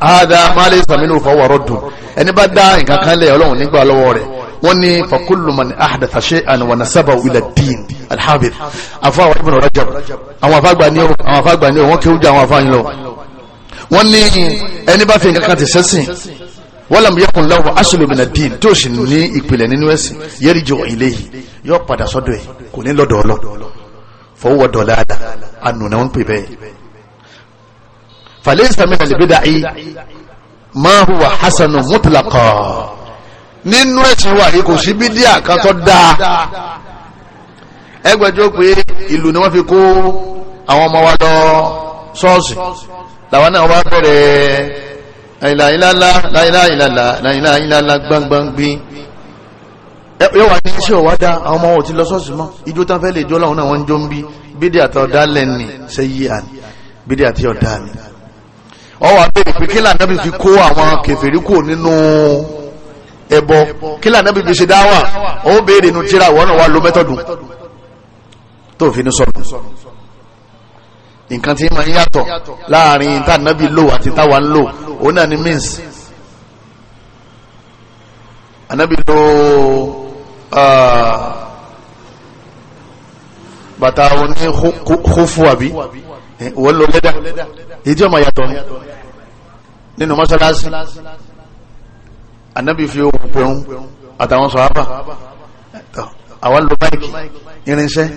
àhàdá máa lè sàmínú fọwọ́ rọ́dùn ẹni bá dá nǹkan kan lẹ̀ ọlọ́run nígbà lọ́wọ́ rẹ̀ wọ́n ní fakulumani ahdatha shay'an wa nasabahu ila din alhabib afa wa ibn rajab àwọn afagba ni o àwọn afagba ni o wọ́n kéwú jẹ́ àwọn afáyín lọ wọ́n ní ẹni bá fi nǹkan ti sẹ́sìn wọ́n làmú yẹkùn lọ́wọ́ aṣèlú min ad-din sì ní ìpìlẹ̀ nínú ẹ̀sìn yarji'u ilayhi yóò padà sọ́dọ̀ ẹ̀ kò ní lọ́dọ̀ ọlọ́ fọwọ́ dọ̀láàdà ànùnà wọn pè bẹ́ẹ̀ falaysa min al-bid'i ma huwa hasanu mutlaqa nínú ẹ̀sìn wa yìí kò sí bídíà kan tó dáa ẹgbẹ́jọ́ pé ìlú ni wọ́n fi kó àwọn ọmọ wa lọ ṣọ́ọ̀ṣì làwọn náà wá bẹ̀rẹ̀ àìláìláńlá láìláìláńlá láìláìláńlá gbangbangbí yóò wá ní iṣẹ́ ọ̀wá dá àwọn ọmọ wọn ò ti lọ ṣọ́ọ̀ṣì mọ́ ijó tán fẹ́ lè jó láwọn náà wọ́n ń jó ń bí bídíà tó dá lẹ́nì ṣe àní bídíà tí ọ̀dá ni ọwọ́ àbẹ̀rẹ̀ pé kí lànà fi kó àwọn kèfèrí kù nínú ẹbọ kí lànà bíbi ṣe dáwà ó béèrè inú tíra ìwọ náà wà ló mẹ́tọ̀dù tó fi ní sọ̀rọ̀ nǹkan tí ma ń yàtọ̀ láàrin tá nábì lò àti táwa ń lò òun náà ni means ànábì lò bàtà òun ní kófù àbí òun lò lẹ́dà èyí tí ó ma yàtọ̀ nínú mọ́ṣáláṣí anabi fi ohun pẹ̀hún àtàwọn sọ̀hábà àwọn lo máìkì irinṣẹ́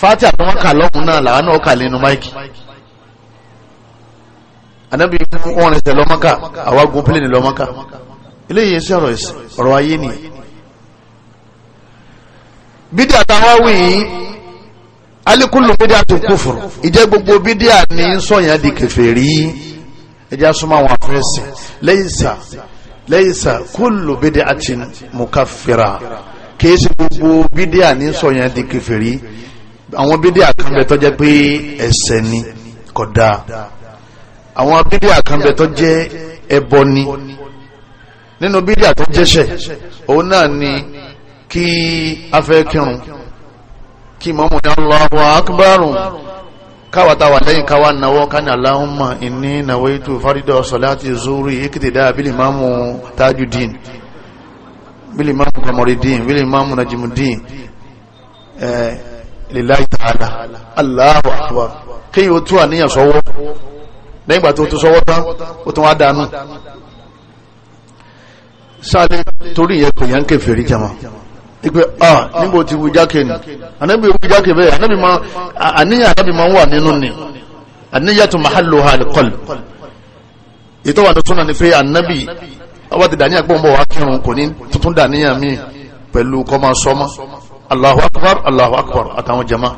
fati àtàwọn kà lọ́kùn náà làwọn náà kà lẹ́nu máìkì anabi fún wọn rẹ̀ lọ́mọ́kà àwọn agun pílẹ̀nì lọ́mọ́kà iléyìí sí ọ̀rọ̀ ẹ̀sìn ọ̀rọ̀ ayé nìyí bídí àtàwọn wí alikulu bídí àti kúfùrù ìjẹ́ gbogbo bídí àní sọ̀yàn di kèfèrí ẹjẹ́ asọ́mọ́ àwọn afẹ́sẹ̀ lẹ́yìn sáà laysa kullu bid'atin mukaffira kìí ṣe gbogbo bídíà ní sọ̀yàn di kèfèrí àwọn bídíà kan tó jẹ́ pé ẹ̀ṣẹ̀ ni kódà àwọn bídíà kan bẹ tó jẹ́ ẹbọ ni nínú bídíà tó jẹ́ṣẹ̀ òun náà ni kí afẹ́ kírun kí mọ́mọ́ ní Allahu akbarun káwàtà wà lẹ́yìn káwà náwọ́ káni aláhùnmà iní náwọ́ ètò fárídọ̀ sọ̀láti zúrí ikìtìdá bílìmáàmù tajudeen bílìmáàmù kamarideen bílìmáàmù najimudeen ẹ̀ lillahi ta'ala Allahu akbar kí yóò tó àníyàn sọ́wọ́ lẹ́yìn gbà tó tó sọ́wọ́ tán ó tún wá dánú sáré ipe ah níbo ti wu jákè ni anábì wu jákè bẹ́ẹ̀ anábì ma àníyàn anábì ma ń wà nínú ni àníyàn tó mahalo ha alqalb ètò wà tuntun náà ni pé anábì ọba ti dàníyàn gbọ́n bọ̀ kírun kò ní tuntun dàníyàn mi pẹ̀lú kọ́má sọ́mọ́ Allahu akbar Allahu akbar àtàwọn jama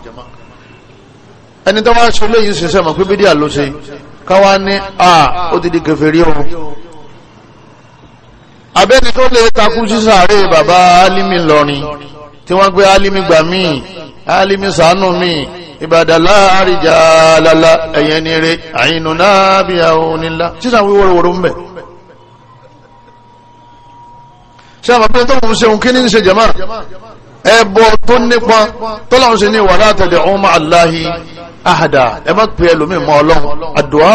ẹni tó wá ṣe léyìn ṣiṣẹ́ mọ̀ pé bídíà ló ṣe káwá ní a ah, ó ti di kèfèrí ọ̀hún abẹ́ni tó lè takú sí sàárè bàbá alimi lọrin tí wọ́n gbé alimi gbà míì alimi sànú míì ìbàdàlá àríjà lálá ẹ̀yẹn ni re àyínú náà bí àwọn onílá sísan wí wọ́rọ̀wọ́rọ̀ ń bẹ̀ ṣé àwọn abẹ́ni tó ń ṣeun kí ní ṣe jama ẹ̀bọ tó nípa tó láwọn ṣe ní wàlá tẹ̀lé ọmọ aláhi ahada ẹ má pe ẹlòmíì mọ́ ọlọ́run àdúrà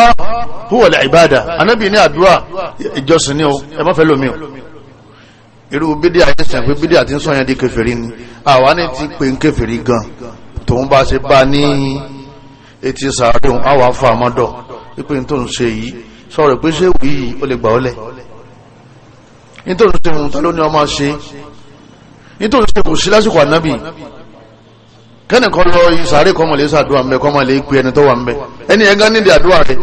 huwa al-ibada anábì ní àdúrà ìjọsìn ni o ẹ má fẹ́ lòmíì o irú bídí àyẹ̀sẹ̀ pé bídí àti ń sọ yẹn di kèfèrí ni àwa ní ti pè ń kèfèrí gan tòun bá ṣe bá ní etí sàárè òun àwa fà mọ́dọ̀ wípé n tó ń ṣe yìí sọ̀rọ̀ pé ṣé wìí ó lè gbà ọ́ lẹ̀ nítorí ṣe òun ta ló ní ọmọ ṣe nítorí ṣe kò sí lásìkò ànábì kẹ́nì kan lọ sàárè kọ́mọ̀ lè sàdúrà ń bẹ kọ́mọ̀ lè pe ẹni tó wà ń bẹ ẹni ẹ̀gá nídìí àdúrà rẹ̀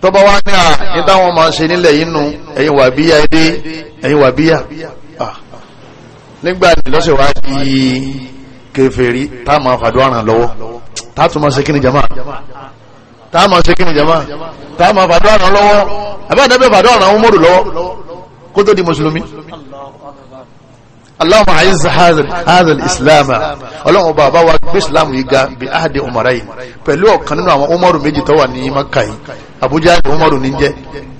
tọ́ba wá ní à ní táwọn máa ṣe nílẹ̀ yìí nù ẹ̀yin wà bíyà ẹdẹ ẹ̀yin wà bíyà nígbà lọ́sẹ̀ wá di kèfèrí tá a máa fàdúrà ràn lọ́wọ́ tá a tún máa ṣe kí ni jama tá a máa ṣe kí ni jama tá a máa fàdúrà ràn lọ́wọ́ àbí àdẹ́bẹ̀ fàdúrà ràn di mùsùlùmí اللهم اعز هذا هذا الاسلام اللهم بابا wa gbé islam yìí ga bi ahdi umarain pẹ̀lú ọ̀kan nínú àwọn umaru méjì tó wà ní Mákà yìí Abuja umaru ní jẹ́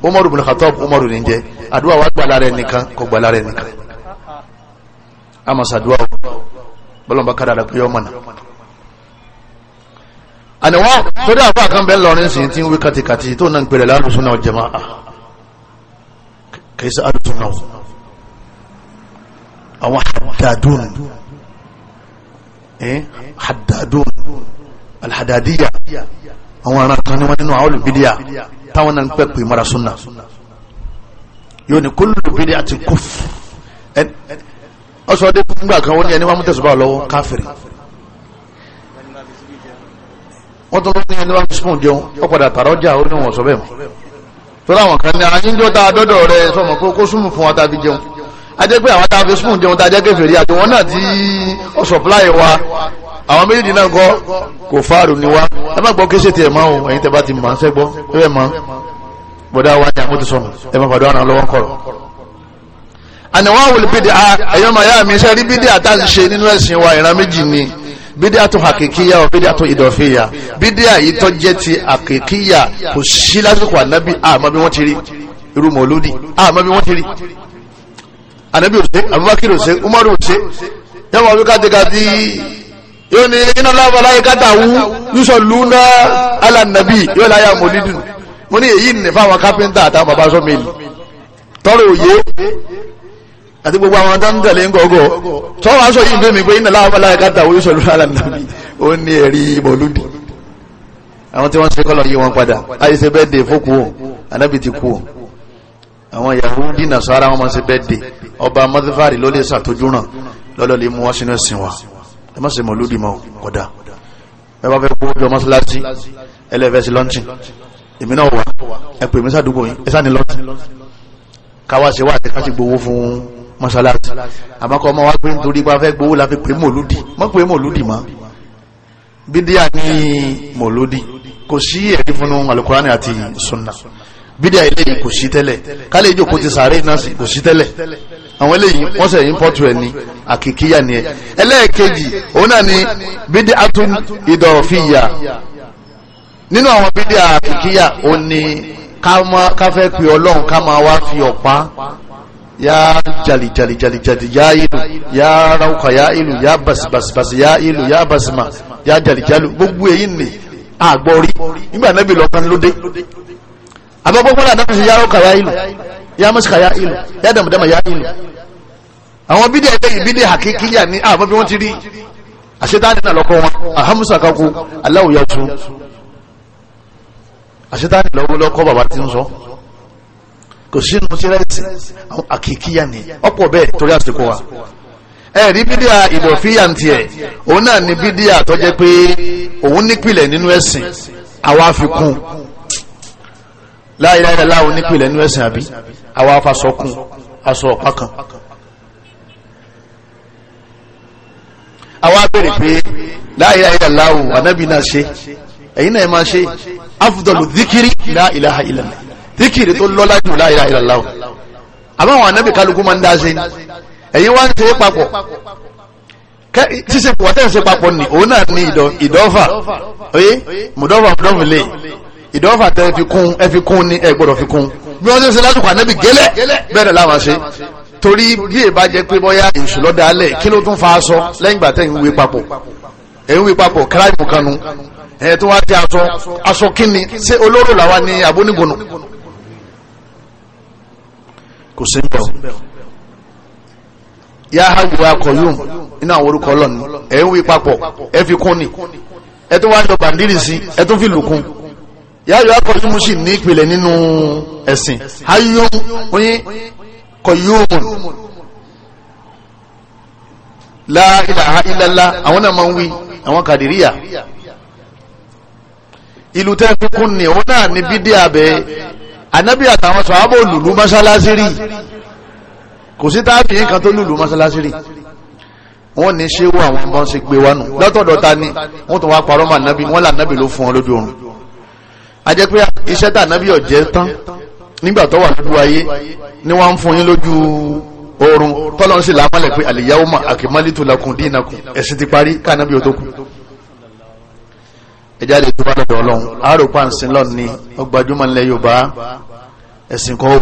umaru bin Khattab umaru ní jẹ́ àdúà wa gba lare nìkan kò gba lare nìkan ama sadua bolon ba kada da pe yomana ani wa to da fa kan ben lorin sin tin wí katikati to nan pere la sunna jamaa kaisa al sunna àwọn hadadun eh hadadun alhadadiya àwọn ará kan ní wọ́n nínú àwọn olùbídíà táwọn náà ń pẹ́ pè mara súnà yóò ní kúlù olùbídíà ti kú ọsọ dé fún gbà kan wọ́n ní ẹni wọ́n mú tẹ̀sùbà lọ́wọ́ káfìrí wọ́n tó ní ẹni wọ́n sùn jẹun ó padà tààrọ́ jà ó ní wọ́n sọ bẹ́ẹ̀ mọ́ tó láwọn kan ní ayé ń jọ́ta dọ́dọ̀ rẹ sọmọ kó súnmù fún wa tàbí jẹun ajẹ́gbẹ́ àwọn tá a fi spoon jẹun tá a jẹ́ kèfèrí àtìwọ́n náà tí ó supply wa àwọn méjì náà kọ́ kò fáàrù ni wa ẹ má gbọ́ kí ṣètì ẹ̀ máa ń ẹ̀yin tẹ́ bá ti mọ̀ ṣẹ́ gbọ́ ẹ bẹ́ẹ̀ mọ̀ bọ́dá wa ni àmúti sọ̀nù ẹ má fàdúrà náà lọ́wọ́ kọ̀rọ̀. àníwá wòlé bídí a ẹ̀yọ́ màá yá mi ṣe rí bídí àtà ń ṣe nínú ẹ̀sìn wa ìran méjì ni bídí àtò àkèkíyà ò bídí àtò ìdọ̀fẹ́yà bídí àyí tó jẹ́ ti àkèkíyà kò sí lásìkò ànábì àmọ́ bí wọ́n ti rí irú mọ̀lúdì àmọ́ bí wọ́n ti rí anabi ose abubakar ose umaru ose yàwọn wípé kàtìkàtì yóò ní iná lábàlá yìí kàtàwù yusọ luna ala nabi yóò láyà mọlídùn mo ní èyí nìfà àwọn kápẹ́ńtà àtàwọn bàbá sọmẹlì tọrọ òye àti gbogbo àwọn tó ń tẹ̀lé ń gọ́gọ́ tó wá sọ yìí bẹ́mi pé iná láwọ́bálá ẹ̀kátà orí sọ̀rọ̀ alànàbí ó ní ẹ̀rí mọ̀lúdì àwọn tí wọ́n ṣe kọ́lọ̀ yí wọn padà àìṣe bẹ́ẹ̀dẹ̀ fókù ọ̀ anábì kú ọ̀ àwọn Yahudi Nasara wọn máa ṣe bẹ́ẹ̀dẹ̀ ọba mọ́tífàrí ló lè sàtójúràn lọ́lọ́ lè mú wá sínú ẹ̀sìn wa ẹ má ṣe mọ̀lúdì mọ́ kódà ẹ bá fẹ́ kó jọ mọ́sálásí ẹlẹ́fẹ́sí lọ́ńtì èmi náà wà ẹ pè sàdúgbò yín ẹ sáni lọ́ńtì káwá ṣe wá àti ká gbowó fún mọ́sálásí àmọ́kọ́ ọmọ wa pé nítorí bá fẹ́ gbowó la fi pè mọ̀lúdì mọ́ pé mọ̀lúdì mọ́ bídíà ní mọ̀lúdì kò sí ẹ̀rí fún alukurani àti sunna bídíà ilé yìí kò sí tẹ́lẹ̀ kálẹ̀ ìjókòó ti sàárè náà kò sí tẹ́lẹ̀ àwọn eléyìí wọ́n sẹ̀ ìmpọ́tù ẹ̀ ní àkìkíyà ni ẹ̀ ẹlẹ́ẹ̀kejì òun náà ni bídí atún ìdọ̀fíyà nínú àwọn bídí àkìkíyà òun ni ká fẹ́ pè ọlọ́run ká máa wá fi ọ̀pá ya jali jali jali jali ya ilu ya rauka ya ilu ya basibasibasi ya ilu ya basima ya jali jali gbogbo èyí ni àgbọ̀rí nígbà náà bí lọ́kàn lóde àbọ̀gbọ́gbọ́n àdáhùn sí ya rauka ya ilu ya masika ya ilu ya damadama ya ilu àwọn bídẹ̀ ẹgbẹ́ yìí bídẹ̀ hakikiya ní àbọ̀bí wọ́n ti rí àṣetáni náà lọ́kọ́ wọn ahamusa kako aláwọ̀ ya tu àṣetáni lọ́kọ́ bàbá ti ń sọ kò sínú sírẹ́sì àwọn hakikiya ní ọ̀pọ̀ bẹ́ẹ̀ torí àsìkò wa ẹ̀rí bídíà ìdọ̀fíyà ń tiẹ̀ òun náà ni bídíà tó jẹ́ pé òun nípìlẹ̀ nínú ẹ̀sìn àwa fi kún láìláìláìláà òun nípìlẹ̀ nínú ẹ̀sìn àbí àwa afasọkùn aṣọ ọ̀pá kan àwa pé la ilaha illallah anábì náà ṣe ẹ̀yin náà máa ṣe afdọ̀lù díkìrì la ilaha illallah díkìrì tó lọ́lá jù la ilaha illallah àbáwọn anábì kálukú máa ń dá ṣe ẹ̀yin wá ń ṣe papọ̀ ṣíṣe pọ̀ tẹ́ papọ̀ ni òun náà ní ìdọ́fà oyé mùdọ́fà mùdọ́fà lè ìdọ́fà tẹ́ fi kún ẹ fi kún bí wọ́n ṣe ń ṣe lásìkò ànábì gẹ́lẹ́ bẹ́ẹ̀ láwọn ṣe torí bí èèbá jẹ́ pé bọ́yá èṣù lọ́dà alẹ̀ kí ló tún fa aṣọ lẹ́yìn ìgbà tẹ̀yìn wí papọ̀ ẹ̀yìn wí papọ̀ kíráìmù kanu ẹ̀ tó wá ti aṣọ aṣọ kíni ṣé olóró làwa ni abónígònà kò sí ń bẹ̀ yá hajj wa kọ̀yùm iná àwọn orúkọ ọlọ́ni ẹ̀yìn wí papọ̀ ẹ fi kún ni ẹ tó wá jọ bàndírì sí ẹ tó fi lùkún yáyọ akọ̀yúmù sì ní ìpìlẹ̀ nínú ẹ̀sìn hayyum oyin kọ̀yúmù la ilaha illallah àwọn náà máa ń wí àwọn kàdìríyà ìlú tẹ́kùnkùn ni òun náà ní bídí abẹ́ anábì àtàwọn sọ̀hábò lùlú mọ́ṣáláṣí rí kò sí táàbì nǹkan tó lùlú mọ́ṣáláṣí rí wọ́n ní ṣé wọ́n àwọn bọ́n ṣe gbé wánu lọ́tọ̀dọ̀ta ni wọ́n tún wá parọ́ mọ́ ànábì wọ́n là ànábì ló fún ọ lójú oorun a jẹ́ pé iṣẹ́ tà nábì ọ̀jẹ́ tán nígbà tó wà lójú ayé ni wọ́n ń fún yín lójú oorun tọ́lọ́n sì lámọ́lẹ̀ pé al-yawma akmaltu lakum dinakum ẹ̀sìn ti parí kánábì ó tó kù ẹjá lè túbọ̀ lọ́dọ̀ ọlọ́run àárò pàǹsìn lọ́n ni ọgbàjúmọ̀ ńlẹ̀ yorùbá ẹ̀sìn kan ó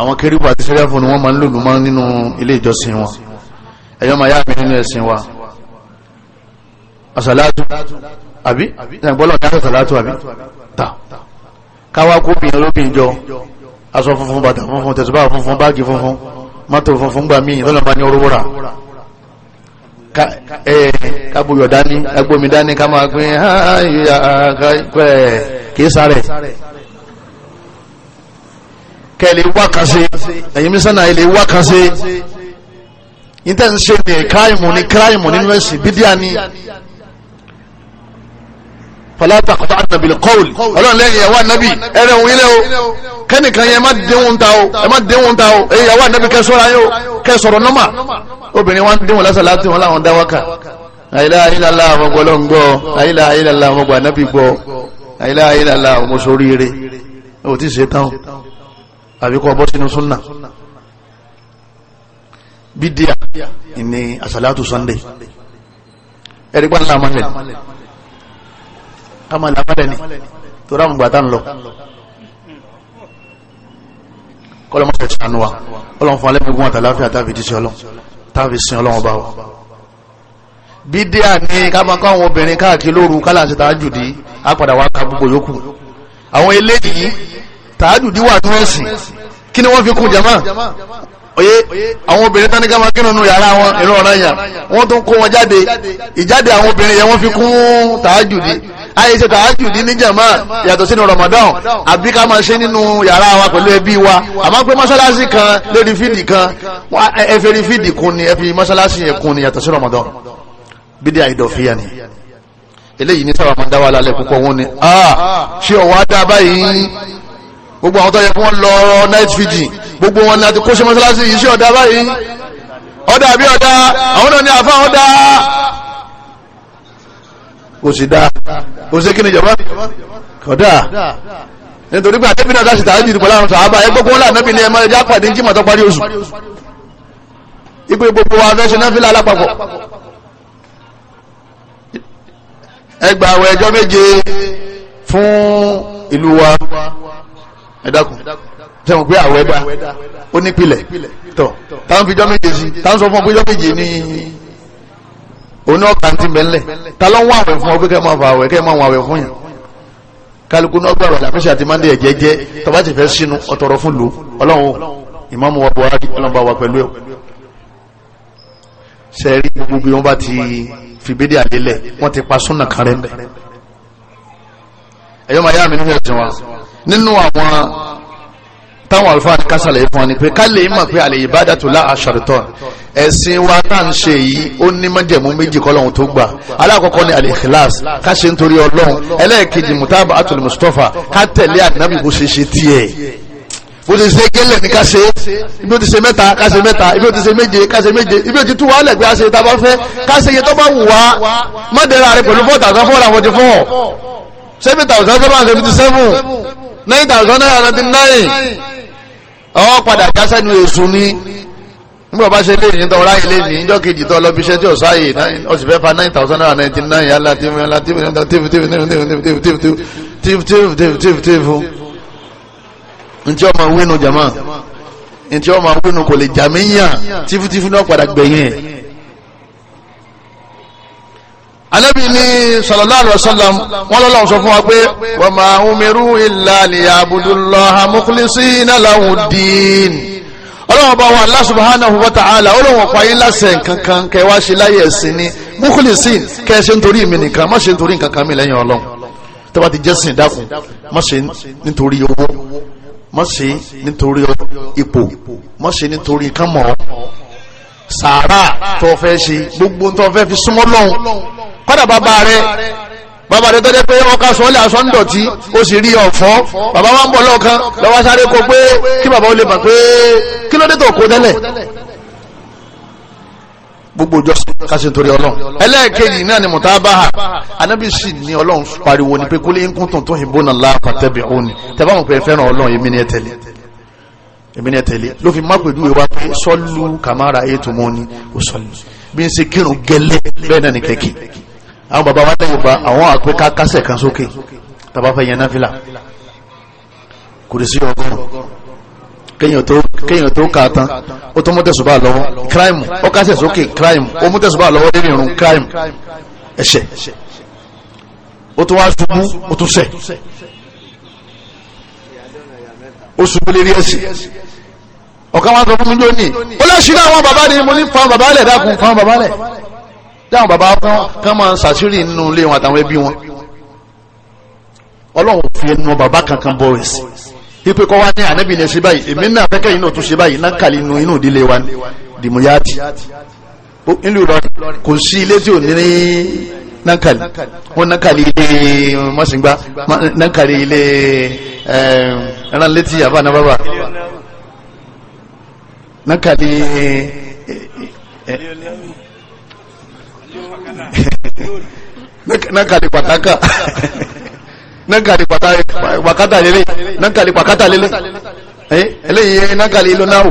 àwọn kérúbù àti sẹ́rẹ́fù ni wọ́n máa ń lò lùmọ́ nínú ilé ìjọsìn wọn ẹ̀yọ́ máa yá mi nínú ẹ̀sìn wa àṣàlátù àbí ìgbọ́lọ̀ ní àṣà látò àbí ta káwá kó bìyàn lóbìn jọ aṣọ funfun bàtà funfun tẹ̀sùbá funfun báàgì funfun mọ́tò funfun gbà míì lọ́nà bá ní orúwó rà kábùyọ̀ dání ẹgbómi dání ká máa gbé kìí sáré kẹ́lẹ̀ wákàṣe ẹ̀yìn mísánà ilẹ̀ wákàṣe ní tẹ́ ń ṣe ní kíráìmù ní kíráìmù nínú ẹ̀sìn bídíà ni fọlá takọta àtàbílẹ̀ kọ́ọ̀lì ọlọ́run lẹ́yìn ẹ̀wà nábì ẹ̀rẹ̀ òun ilé o kẹ́nìkan yẹn má déhùn ta o ẹ̀ má déhùn ta o ẹ̀yìn ẹ̀wà nábì kẹsọ́ra yóò kẹsọ̀rọ̀ nọ́mà obìnrin wa ń déhùn lásán láti wọn láwọn dá wákà àyílá àyílálá àwọn gbọ́lọ́ ń gbọ́ àyílá àyílálá àwọn gbọ́ ànábì gbọ́ àyílá àyílálá àwọn sóríire ò tí ì ṣe tán àbíkọ́ bọ́ ká máa làmọ́lẹ̀ ni tó ráhùn gbà tán lọ kọ́lọ́mọ́ sọ ìṣànú wa ọlọ́run fún alẹ́gbẹ̀gbọ́n àtàláfíà tàbí ti ṣe ọlọ́run tàbí sin ọlọ́run bá wa bídíà ní ká máa kọ́ àwọn obìnrin káàkiri lóru kálàṣẹ tàájùdí á padà wá ká gbogbo yòókù àwọn eléyìí tàájùdí wà ní ẹ̀sìn kí ni wọ́n fi kún jama oye àwọn obìnrin tán ní káma kí nínú yàrá wọn ìran ọ̀ràn yàn wọ́n tún kó wọn jáde ìjáde àwọn obìnrin yẹn wọ́n fi kún tàájù ni ayé ṣe tààjù ní níjàmá yàtọ̀ sínú Ramadan àbí ká máa ṣe nínú yàrá wa pẹ̀lú ẹbí wa àmọ́ pé mọ́ṣáláṣí kan lórí fídì kan ẹ fẹ́ rí fídì kun ni ẹ mọ́ṣáláṣí yẹn kun ni yàtọ̀ sínú Ramadan bídí àìdọ̀fíà ni eléyìí ní sábà máa ń dá wa lálẹ́ púpọ̀ wọn ni ah, ṣé ọ̀wọ́ á dá báyìí gbogbo àwọn tó yẹ kí wọ́n lọ night fídì gbogbo wọn ni àti kó ṣe mọ́ṣáláṣí yìí ṣé ọ̀dá báyìí ọ̀dà àbí ọ̀dà àwọn náà ní àfa ọ̀dà kò sì dáa kò sí kí ni jọba kọ̀dá nítorí pé àtẹ́bí náà láti tààjì ìdìbò láwọn sàábà ẹ gbogbo ńlá ànábì ní ẹmọ ẹjá pàdé ń jìmọ̀ tó parí oṣù ipò gbogbo wa fẹ́ ṣe náà fi lálápapọ̀ ẹgbà àwọ̀ ẹjọ́ méje fún ìlú wa ẹ dákun tẹ̀wọ̀n pé àwọ̀ ẹ̀dá ó nípìlẹ̀ tọ̀ táwọn fi jọ́ méje sí táwọn sọ fún ọ pé jọ́ méje ní oní ọkà ti bẹ̀lẹ̀ ta ló ń wá àwẹ̀ fún ọ pé kẹ́ máa fà àwẹ̀ kẹ́ máa wọ àwẹ̀ fún yàn kálukú náà gbàgbà làmísì àti mande ẹ̀jẹ̀ jẹ́ ti fẹ́ sínú ọ̀tọ̀rọ̀ fún lu ọlọ́run ìmáàmù wa Buhari ọlọ́run bá wa pẹ̀lú ẹ̀ sẹ́ẹ̀rí gbogbo bí wọ́n bá ti fìbédè àlélẹ̀ wọ́n ti pa súnà kan rẹ̀ ń bẹ̀ máa yá mi nínú ẹ̀sìn wa nínú àwọn táwọn àlùfáà ní kásàlẹ̀ fún wa ni pé ká lè mọ̀ pé àlè ìbádàtú lá àṣàrìtọ́ ẹ̀sìn wa tá à ń ṣe yìí ó ní májẹ̀mú méjì kọ́lọ́hún tó gbà alákọ̀ọ́kọ́ ni àlè ìkìláàs ká ṣe nítorí ọlọ́run ẹlẹ́ẹ̀kejì mutaba atul mustapha ká tẹ̀lé ànábì bó ṣe ṣe tiẹ̀ bó ti ṣe gẹ́lẹ̀ ní ká ṣe ibi ó ti ṣe mẹ́ta ká ṣe mẹ́ta ibi ó ti ṣe méje ká ṣe méje ibi ó ti tú wa lẹ̀ ṣe ta bá fẹ́ ká ṣe iye tó bá wù wá mọ́dẹ̀ẹ́ra rẹ pẹ̀lú four thousand four hundred forty four seven thousand seven hundred fifty seven nine thousand nine hundred ninety nine ọ padà jásẹ́ nu èṣù ni nígbà bá ṣe léyìn tó ráyè léyìn níjọ́ kejì tó lọ bí iṣẹ́ tí ò sáyè ọ̀sì fẹ́ fa nine thousand naira ninety nine yàrá tí wọ́n láti wọ́n láti wọ́n tíf tíf tíf tíf tíf tíf tíf tíf tíf tíf ntí ọmọ wínú jama ntí ọmọ wínú kò lè jàmíyàn tíf tíf náà padà gbẹ̀yìn ẹ̀ anabi ni sallallahu alaihi wasallam wọn lọ́lọ́run sọ fún wa pé wa ma umiru illa liyabudullaha mukhlisina lahud-din ọlọ́run bá wa Allah subhanahu wa ta'ala ọlọ́run pa yín lásẹ̀ kankan kẹ wá ṣe láyé ẹ̀sìn ni mukhlisin kẹ nítorí mi nìkan má ṣe nítorí nǹkan mi lẹ́yìn ọlọ́run tó bá ti jẹ́ sìn dákun má ṣe nítorí owó má ṣe nítorí ipò má ṣe nítorí kánmọ́ sàárà tó fẹ́ ṣe gbogbo tó fẹ́ fi súnmọ́ lọ́hùn kọ́dà bàbá rẹ bàbá rẹ tọ́jẹ́ pé wọ́n ká sọ ọ́ lé aṣọ ń dọ̀tí ó sì rí ọ̀fọ́ bàbá wa ń bọ̀ lọ́ọ̀kan lọ́wọ́ sáré kó pé kí bàbá ó lè bà pé kí ló dé tó kó tẹ́lẹ̀ gbogbo ìjọsìn kásì nítorí ọlọ́run ẹlẹ́ẹ̀kejì náà ni mutabaha anábì sì ní ọlọ́run pariwo ni pé kó lè ń kún tuntun ìbónà láàpá tẹ́bi òun ni tẹ́bá wọn pé fẹ́ràn ọlọ́run èmi ni ẹ tẹ̀lé èmi ni ẹ tẹ̀lé ló fi má ìwà pé sọ́lù kàmára ètò mọ́ni ó sọ́lù bí ń ṣe kírun gẹ́lẹ́ bẹ́ẹ̀ náà ni kẹ́kì àwọn bàbá wa lẹ́yìn bá àwọn àpé kákásẹ̀ kan sókè tàbá fẹ́ yẹn náfìlà kò lè sí ọgọ́rùn kéèyàn tó kà á tán ó tó mú tẹ̀sùbà lọ́wọ́ kíráìmù ó kásẹ̀ sókè kíráìmù ó mú tẹ̀sùbà lọ́wọ́ lórí irun kíráìmù ẹ̀ṣẹ̀ ó tún wá ṣubú ó tún ṣẹ̀ ó ṣubú lérí ẹ̀sìn ọ̀kan wá sọ fún mi lónìí ó lè ṣí láwọn bàbá ni mo ní fa bàbá lẹ̀ dákun fa bàbá lẹ̀ dáhùn bàbá kan máa ń sàṣírí nínú ilé wọn àtàwọn ẹbí wọn ọlọ́run fi ẹnu bàbá kankan bọ̀ rẹ̀ sí ipe kọ́ wá ní ànábì ní ṣe báyìí èmi náà fẹ́kẹ́ inú tó ṣe báyìí náà kàlí inú inú ìdílé wa dìmúyàtì nílùú Ìlọrin kò sí ilé tí ò ní ní nankali wọn nankali ilé mọ́sìngbá nankali ilé ẹran létí àbánabábà nankali nankali pataka nankali pakata lele eh, nankali pakata lele eléyìí nankali ilo náwó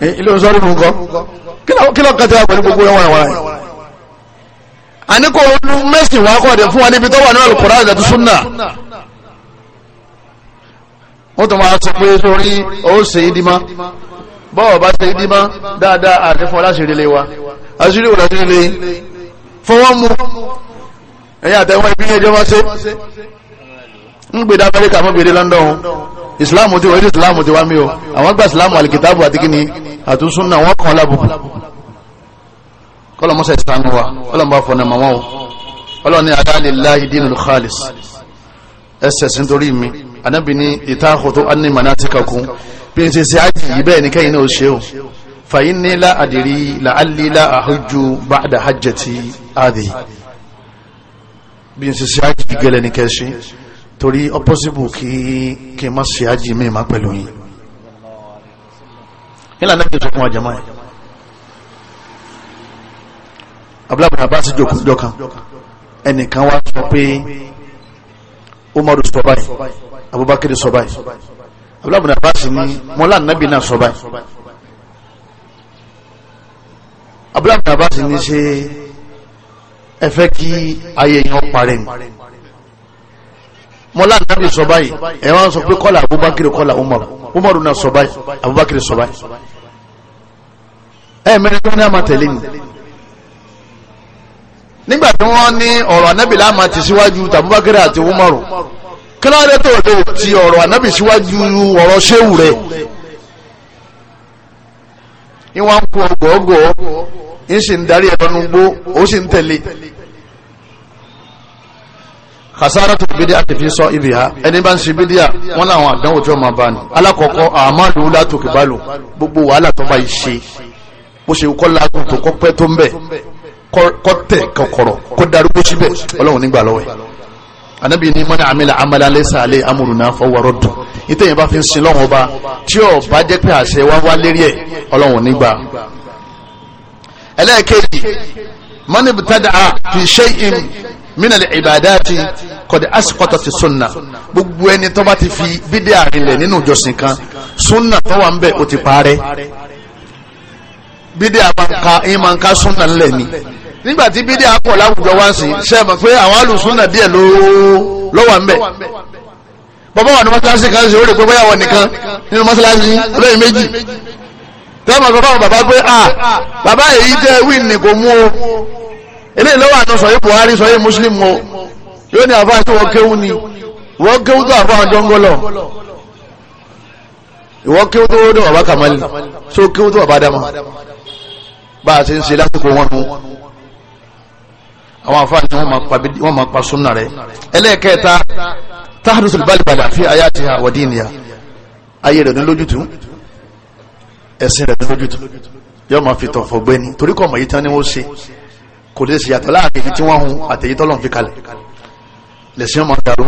eh, ilo sọ́rí mú kọ́ kí lọ pẹ̀lú gbogbo ẹwà ẹwà ẹ̀ àníkò mẹ́sìn wà kọ́ ọ̀dẹ̀ fún wa níbi tó wà ní Al-Qur'an àti súnà ó tún máa sọ pé sórí ó ṣe é dímá bọ́ọ̀ bá ṣe é dímá dáadáa àti fọlá ṣe wa òlà ṣe fọwọ́ mu ẹ̀yà àtẹ̀wọ́n ibi yẹn jọba ṣe ń gbèdé amẹ́ríkà mọ́ gbèdé london islam ti wọ́n islam ti wá mí o àwọn gba islam alikitabu àti kíni àtúnṣúná wọn kàn lábùkù kọlọ mọ́sá ìsànú wa kọlọ mọ́ fọ́nà màmá o kọlọ ní aláàlélá ìdínú khalis ẹsẹ̀ sí nítorí mi anábì ní ìtàkùtù anìmọ̀ náà ti kàkún bí n ṣe ṣe ájì yìí bẹ́ẹ̀ ní kẹ́yìn náà ó ṣe o fàyín ní la àdìrí la alílá àhójú ba'da hajjati adhi bí n ṣe ṣe ájì gẹ́lẹ́ ní kẹ́ṣí torí ọpọ́síbù kí kí má ṣe ájì mí má pẹ̀lú yìí nílànà kí n sọ fún wa jama yìí abúlábùnà bá sí jòkó jọkan ẹnìkan wá sọ pé umaru sọ báyìí abubakar sọ báyìí abúlábùnà bá sì ní mọ́lá nàbì náà sọ báyìí abúlé àbá sì ní ṣe ẹ kí ayé yẹn parẹ́ ni mọ́lá nàbì sọ báyìí ẹ̀ wọ́n sọ pé kọ́lá abubakar kọ́lá umar umar náà sọ báyìí abubakar sọ báyìí ẹ̀ mẹ́rin tó ní àmà tẹ̀lé ni nígbà tí wọ́n ní ọ̀rọ̀ anábì láàmà ti síwájú tàbúbakar àti umar kí ló dé tó lè ti ọ̀rọ̀ anábì síwájú ọ̀rọ̀ ṣéwù rẹ̀ ń wá ń kó ọgọ̀ọ̀gọ̀ ń sì ń darí ẹ̀rọ nu gbó ó sì ń tẹ̀lé kasara tó bídí àti fi sọ ibi ha ẹni bá ń ṣe bídí à wọn làwọn àdánwò tí wọn máa bá ní alákọ̀ọ́kọ́ àmàlù látòkè bá lò gbogbo wàhálà tó bá yìí ṣe bó ṣe kọ́ lágùn tó kọ́ pẹ́ tó ń bẹ̀ kọ́ tẹ̀ kọ̀kọ̀rọ̀ kó darúgbó síbẹ̀ ọlọ́run nígbà lọ́wọ́ ẹ̀ anabi ni mọ́ni àmì àmàlà lẹ́sà alẹ́ amúrùnà fọwọ́rọ́ dùn ìtẹ̀yìn bá fi ń sin lọ́wọ́ ọba tí ò bá jẹ́ pé àṣẹ wá wá lérí ẹ̀ ọlọ́run nígbà. ẹlẹ́ẹ̀kejì mọ́ni bìtádà á fi ṣe im mínàlì ìbàdà ti kọ̀dí àsìkọ́tà ti sunna gbogbo ẹni tó bá ti fi bídé àrinlẹ̀ nínú ìjọsìn kan sunna tó wà ń bẹ̀ ó ti parẹ́ bídé àmàǹkà ìmàǹkà sunna ńlẹ̀ ni nígbà tí bídí àpọ̀ láwùjọ wá sí ṣe mọ̀ pé àwọn alùsùnà díẹ̀ lọ́wọ́ ń bẹ̀ bọ́bá wà ní mọ́sálásí kan ṣe ó rè pé bóyá wọ̀ nìkan nínú mọ́sálásí olóyìn méjì tẹ́lẹ̀mọ̀ sọ fáwọn bàbá pé à bàbá èyí tẹ́ wí ní kò mú o eléyìí lọ́wọ́ àná sọ̀yí Buhari sọ̀yí Muslim o yóò ní àfáà tí wọ́n kéwú ni wọ́n kéwú tó àfáà jọ́ngọ́lọ̀ ìwọ́n kéwú tó wọ́n bàbá Kamali tó tó bàbá dama bá a ti ń ṣe lásìkò wọn nù àwọn àfáà ni wọ́n máa pa súnà rẹ̀ ẹlẹ́ẹ̀kẹta tahdusul balbala fi ayatiha wa diniha ayé rẹ̀ ní lójútu ẹ̀sìn rẹ̀ ní lójútu yóò máa fi tọ̀fọ̀ gbéni torí kọ̀ mọ̀ yìí tán ni wọ́n ṣe kò lè ṣe yàtọ̀ láàrin èyí tí wọ́n hun àtẹ̀yí tọ́lọ̀ fi kalẹ̀ lẹ̀sìn ọmọ dàrú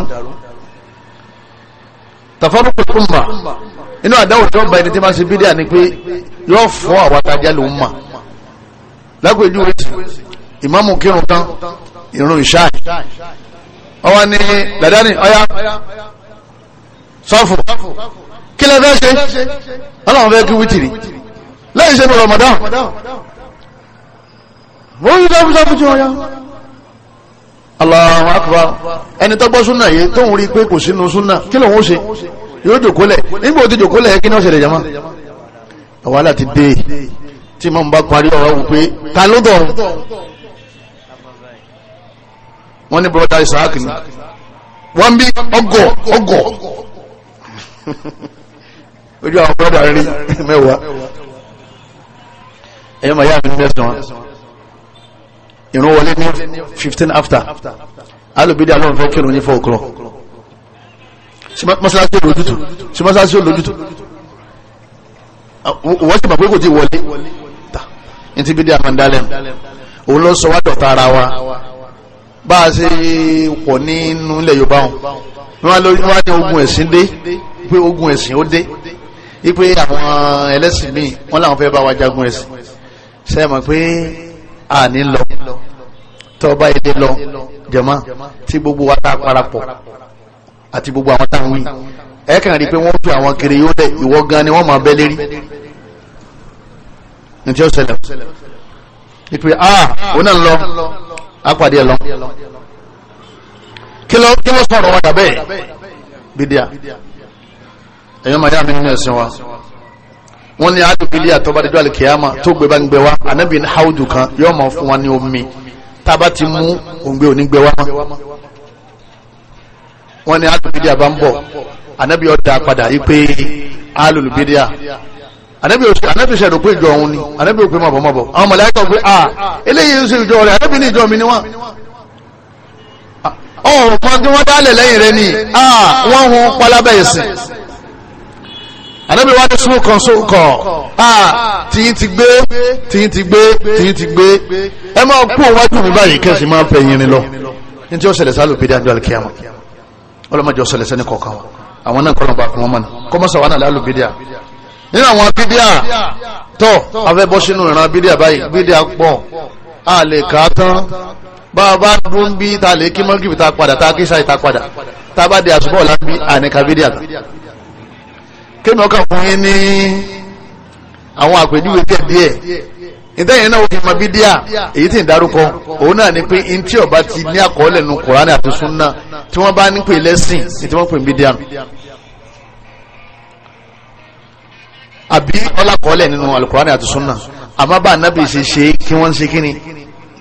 tàfọ́rùkù tó mà inú àdáwò tó bá ẹni tí máa ṣe bídíà ni pé yóò fọ́ àwọn adájá lòún mà lágbèjú rẹ̀ ìmáàmù kírun tán ìrun ìṣá ọwọ́ ni làdáni ọ̀yá sọ́fù kí lè fẹ́ ṣe ọlọ́run fẹ́ kí wítìrì lẹ́yìn ṣe ní Ramadan mo ń sọ́fù sọ́fù tí wọ́n yá Allahu akbar ẹni tó gbọ́ súnà yìí tóun rí pé kò sínú súnà kí lòun ó ṣe yóò jòkólẹ̀ nígbà òtí jòkólẹ̀ kí ní ọ̀ṣẹ̀lẹ̀ jama wàhálà ti dé tí mọ̀ ń bá parí ọ̀rọ̀ wù pé ta ló dọ̀rùn wọ́n ní broda isaac ni wọ́n bí ọgọ̀ ọgọ̀ ojú àwọn broda rí mẹ́wàá ẹ̀yọ́ màá yá mi ní ẹ̀sìn wọn ìrún wọlé ní fifteen after alùbídà lọ́run fẹ́ kírun ní four o'clock mọ́sálásí olójútù sí mọ́sálásí olójútù wọ́n sì mọ̀ pé kò ti wọlé ta ní ti bí dí àmàndálẹ̀ òun ló sọ wá dọ̀tá ara wa bá a ṣe pọ̀ nínú ilẹ̀ yorùbá wọn wọ́n wá ní ogun ẹ̀sìn dé pé ogun ẹ̀sìn ó dé wípé àwọn ẹlẹ́sìn míì wọ́n làwọn fẹ́ bá wa jagun ẹ̀sìn ṣe mọ̀ pé a ní lọ tọ́ba ilé lọ jẹ̀mọ́ tí gbogbo wa tá a parapọ̀ àti gbogbo àwọn táwọn wí ẹ kàn rí i pé wọ́n fi àwọn kiri yóò lẹ̀ ìwọ gan ni wọ́n máa bẹ́ lérí ní tí ó ṣẹlẹ̀ ní a ah, òun náà lọ apàdé ẹ̀ lọ kí ló kí ló sọ̀rọ̀ wáyà bẹ́ẹ̀ bídíà ẹ̀yọ́ máa yá mi nínú ẹ̀sìn wa wọ́n ní àdùn bídíà tó bá dédú àlìkèyàmà tó gbé bá ń gbé wa ànábì ní haudu kan yóò máa fún wa ní omi tá ti mú òǹgbẹ òní gbé wa mọ́ wọ́n ní àdùn bá ń bọ̀ ànábì ó dá padà yí pé alùlù bídíà anabi ose anabi sẹ dọ̀pẹ́ ìjọ òun ni anabi òpè mọ̀bọ̀ mọ̀bọ̀ àwọn màláíkà pé a ah, eléyìí ń ṣe ìjọ rẹ̀ anabi ní ìjọ mi ni wọ́n ah, ọ̀hún kan tí wọ́n dálẹ̀ lẹ́yìn rẹ̀ ni Ah, wọ́n hun palabẹ́ ẹ̀sìn anabi wa ni sunu kan so kọ a tìyín ti gbé tìyín ti gbé tìyín ti gbé ẹ máa kú òwájú mi báyìí kẹ́sì máa fẹ́ yín ni lọ ní tí ó ṣẹlẹ̀ sálùpẹ̀ dáńdọ́ alikiyama ọlọ́mọdé ó ṣẹlẹ̀ sẹ́ni kọ̀ọ̀kan àwọn náà kọ́ nínú àwọn bídíà tó afẹ́bọ́ sínú ìran bídíà báyìí bídíà pọ̀ a lè kà á tán bá a bá dún ń bí ta lè kí mọ́gìbì ta padà ta kí sáì ta padà ta bá di àsùbọ̀ ọ̀la ń bí àníkà bídíà kan kéèmì ọkàn fún yín ní àwọn àpèjúwe díẹ̀ díẹ̀ ìtẹ́yìn náà ó fi mọ bídíà èyí tí ń darúkọ òun náà ni pé n tí ọba ti ní àkọọ́lẹ̀ nu Kùránì àti Súnnà tí wọ́n bá ń pè lẹ́sìn tí wọ́n pè bídíà nù. àbí ọlákọọlẹ nínú alukurani àti sunna àmọ́ bá anabi ṣe ṣe kí wọ́n ṣe kíni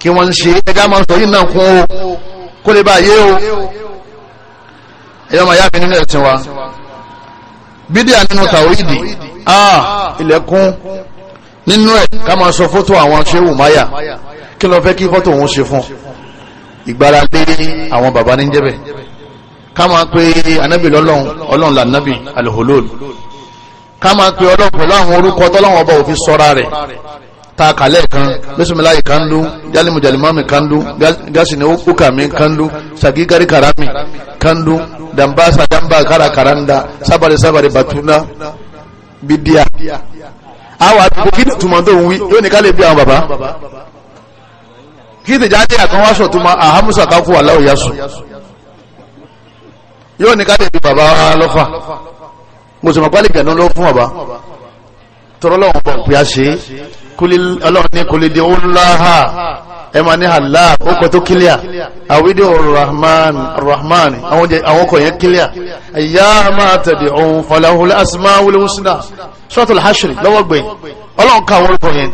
kí wọ́n ṣe ẹgá máa sọ yìí náà kún o kó lè bá yé o ẹyọ máa yá mi nínú ẹsìn wa bídíà nínú tàwídì a ilẹ̀kùn nínú ẹ̀ ká máa sọ fótó àwọn ṣéwù máyà kí ló fẹ́ kí fọ́tò òun ṣe fún ìgbára lé àwọn bàbá níjẹ́bẹ̀ ká máa pe anabi lọ́lọ́run ọlọ́run lànàbì alihulul ká máa pe ọlọ́run pẹ̀lú àwọn orúkọ tọ́lọ́wọ́n ọba òfin sọ́ra rẹ̀ ta kàlẹ́ kan bisimilayi kandu jalimu jalimami kandu gasini ukami kandu sagigari karami kandu dambasa damba kara karanda sabari sabari batuna bidia awa àdúgbò kí ni tuma tó ń wí yóò ní ká lè bí àwọn baba kí ni jáde àkàn wá sọ tuma ahamusa káfọ aláwọ yasu yóò ní ká lè bí baba lọfà mùsùlùmí pálí kẹ̀nú ló fún ọba tọrọ lọ́wọ́n bọ̀ pé a ṣe ọlọ́run ní kulidi ńláha ẹ máa ní àlá ó kọ tó kílíà àwídí rahman rahman àwọn ọkọ̀ yẹn kílíà ẹ̀yà máa tẹ̀dẹ̀ ohun falahul asma wuli husna suratul hashri lọ́wọ́ gbẹ̀yìn ọlọ́run ká àwọn ọkọ̀ yẹn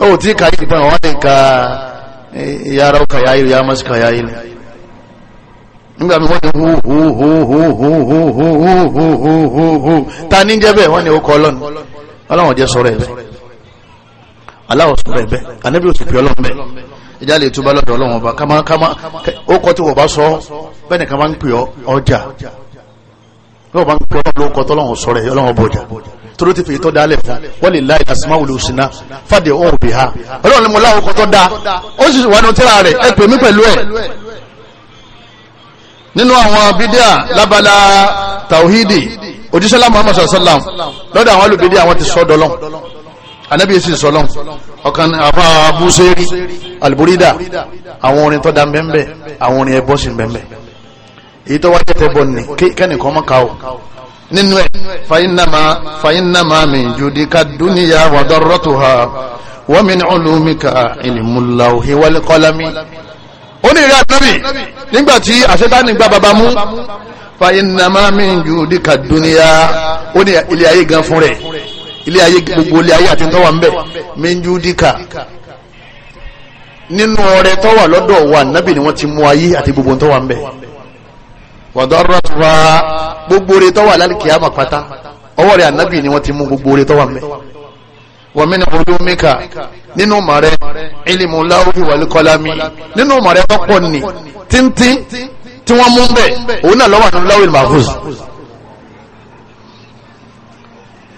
ó tí nígbà mi wọ́n ni hó hó hó hó hó hó hó hó hó hó hó hó ta ní jẹ́ wọ́n ni ó kọ́ ọlọ́nu ọlọ́run jẹ́ sọ̀rọ̀ ẹ̀bẹ́ aláwọ̀ sọ̀rọ̀ ẹ̀bẹ́ anábì òsì pé ọlọ́run bẹ́ ìjà lè túbọ̀ lọ́dọ̀ ọlọ́run ọba kama kama ó kọ́ tí wọ́n bá sọ bẹ́ẹ̀ ni kama ń pè ọ ọjà lọ́wọ́ bá ń pè ọlọ́run kọ́ tọ́lọ́run sọ̀rọ̀ ẹ̀ ọlọ́run bọ̀jà tó ló ti fèyí tó dálẹ̀ fún wọ́n lè láì àsìmáwò lè òsìnà fàdé ọ̀hún òbí ha ọlọ́run ni mo láwọn kọ́ ó sì wà ní tíra rẹ̀ ẹ pè mí pẹ̀lú ẹ̀ nínú àwọn bídíà lábala tàwídì òjísọ́lá muhammad sallam lọ́dọ̀ àwọn olùbídíà àwọn ti sọ́dọ̀lọ́ anábíyẹ sí sọ́lọ́ ọ̀kan àfa abúsérí alburida àwọn orin tó da mbẹ́mbẹ́ àwọn orin ẹbọ sí mbẹ́mbẹ́ èyí tó wáyé tẹ́ bọ́ ni kẹ́nìkan mọ́ ká o nínú ẹ̀ fàyínnàmá fàyínnàmá min judika dúníyà wà darratuha wa min ulumika ilmul lawhi wal qalami ó ní ìrẹ́ ànábì nígbà tí àṣetánì gba bàbá mú fa innama min judika dunya ó ní ilé ayé gan fún rẹ̀ ilé ayé gbogbo ilé ayé àti tọ́wà ń bẹ̀ min judika nínú ọrẹ tọ́wà lọ́dọ̀ wa nábì ni wọ́n ti mú ayé àti gbogbo tọ́wà ń bẹ̀ wàdọ́rọ̀tùwà gbogbo rẹ̀ tọ́wà lálẹ́ pátá ọwọ́ rẹ̀ ànábì ni wọ́n ti mú gbogbo rẹ̀ tọ́wà ń wa min ulumika nínú mọ̀rẹ́ ilimu láwùjọ wal qalami nínú mọ̀rẹ́ ọ̀pọ̀ ni tíntín tí wọ́n mú bẹ́ẹ̀ òun náà lọ́wọ́ nínú láwùjọ mahfuz.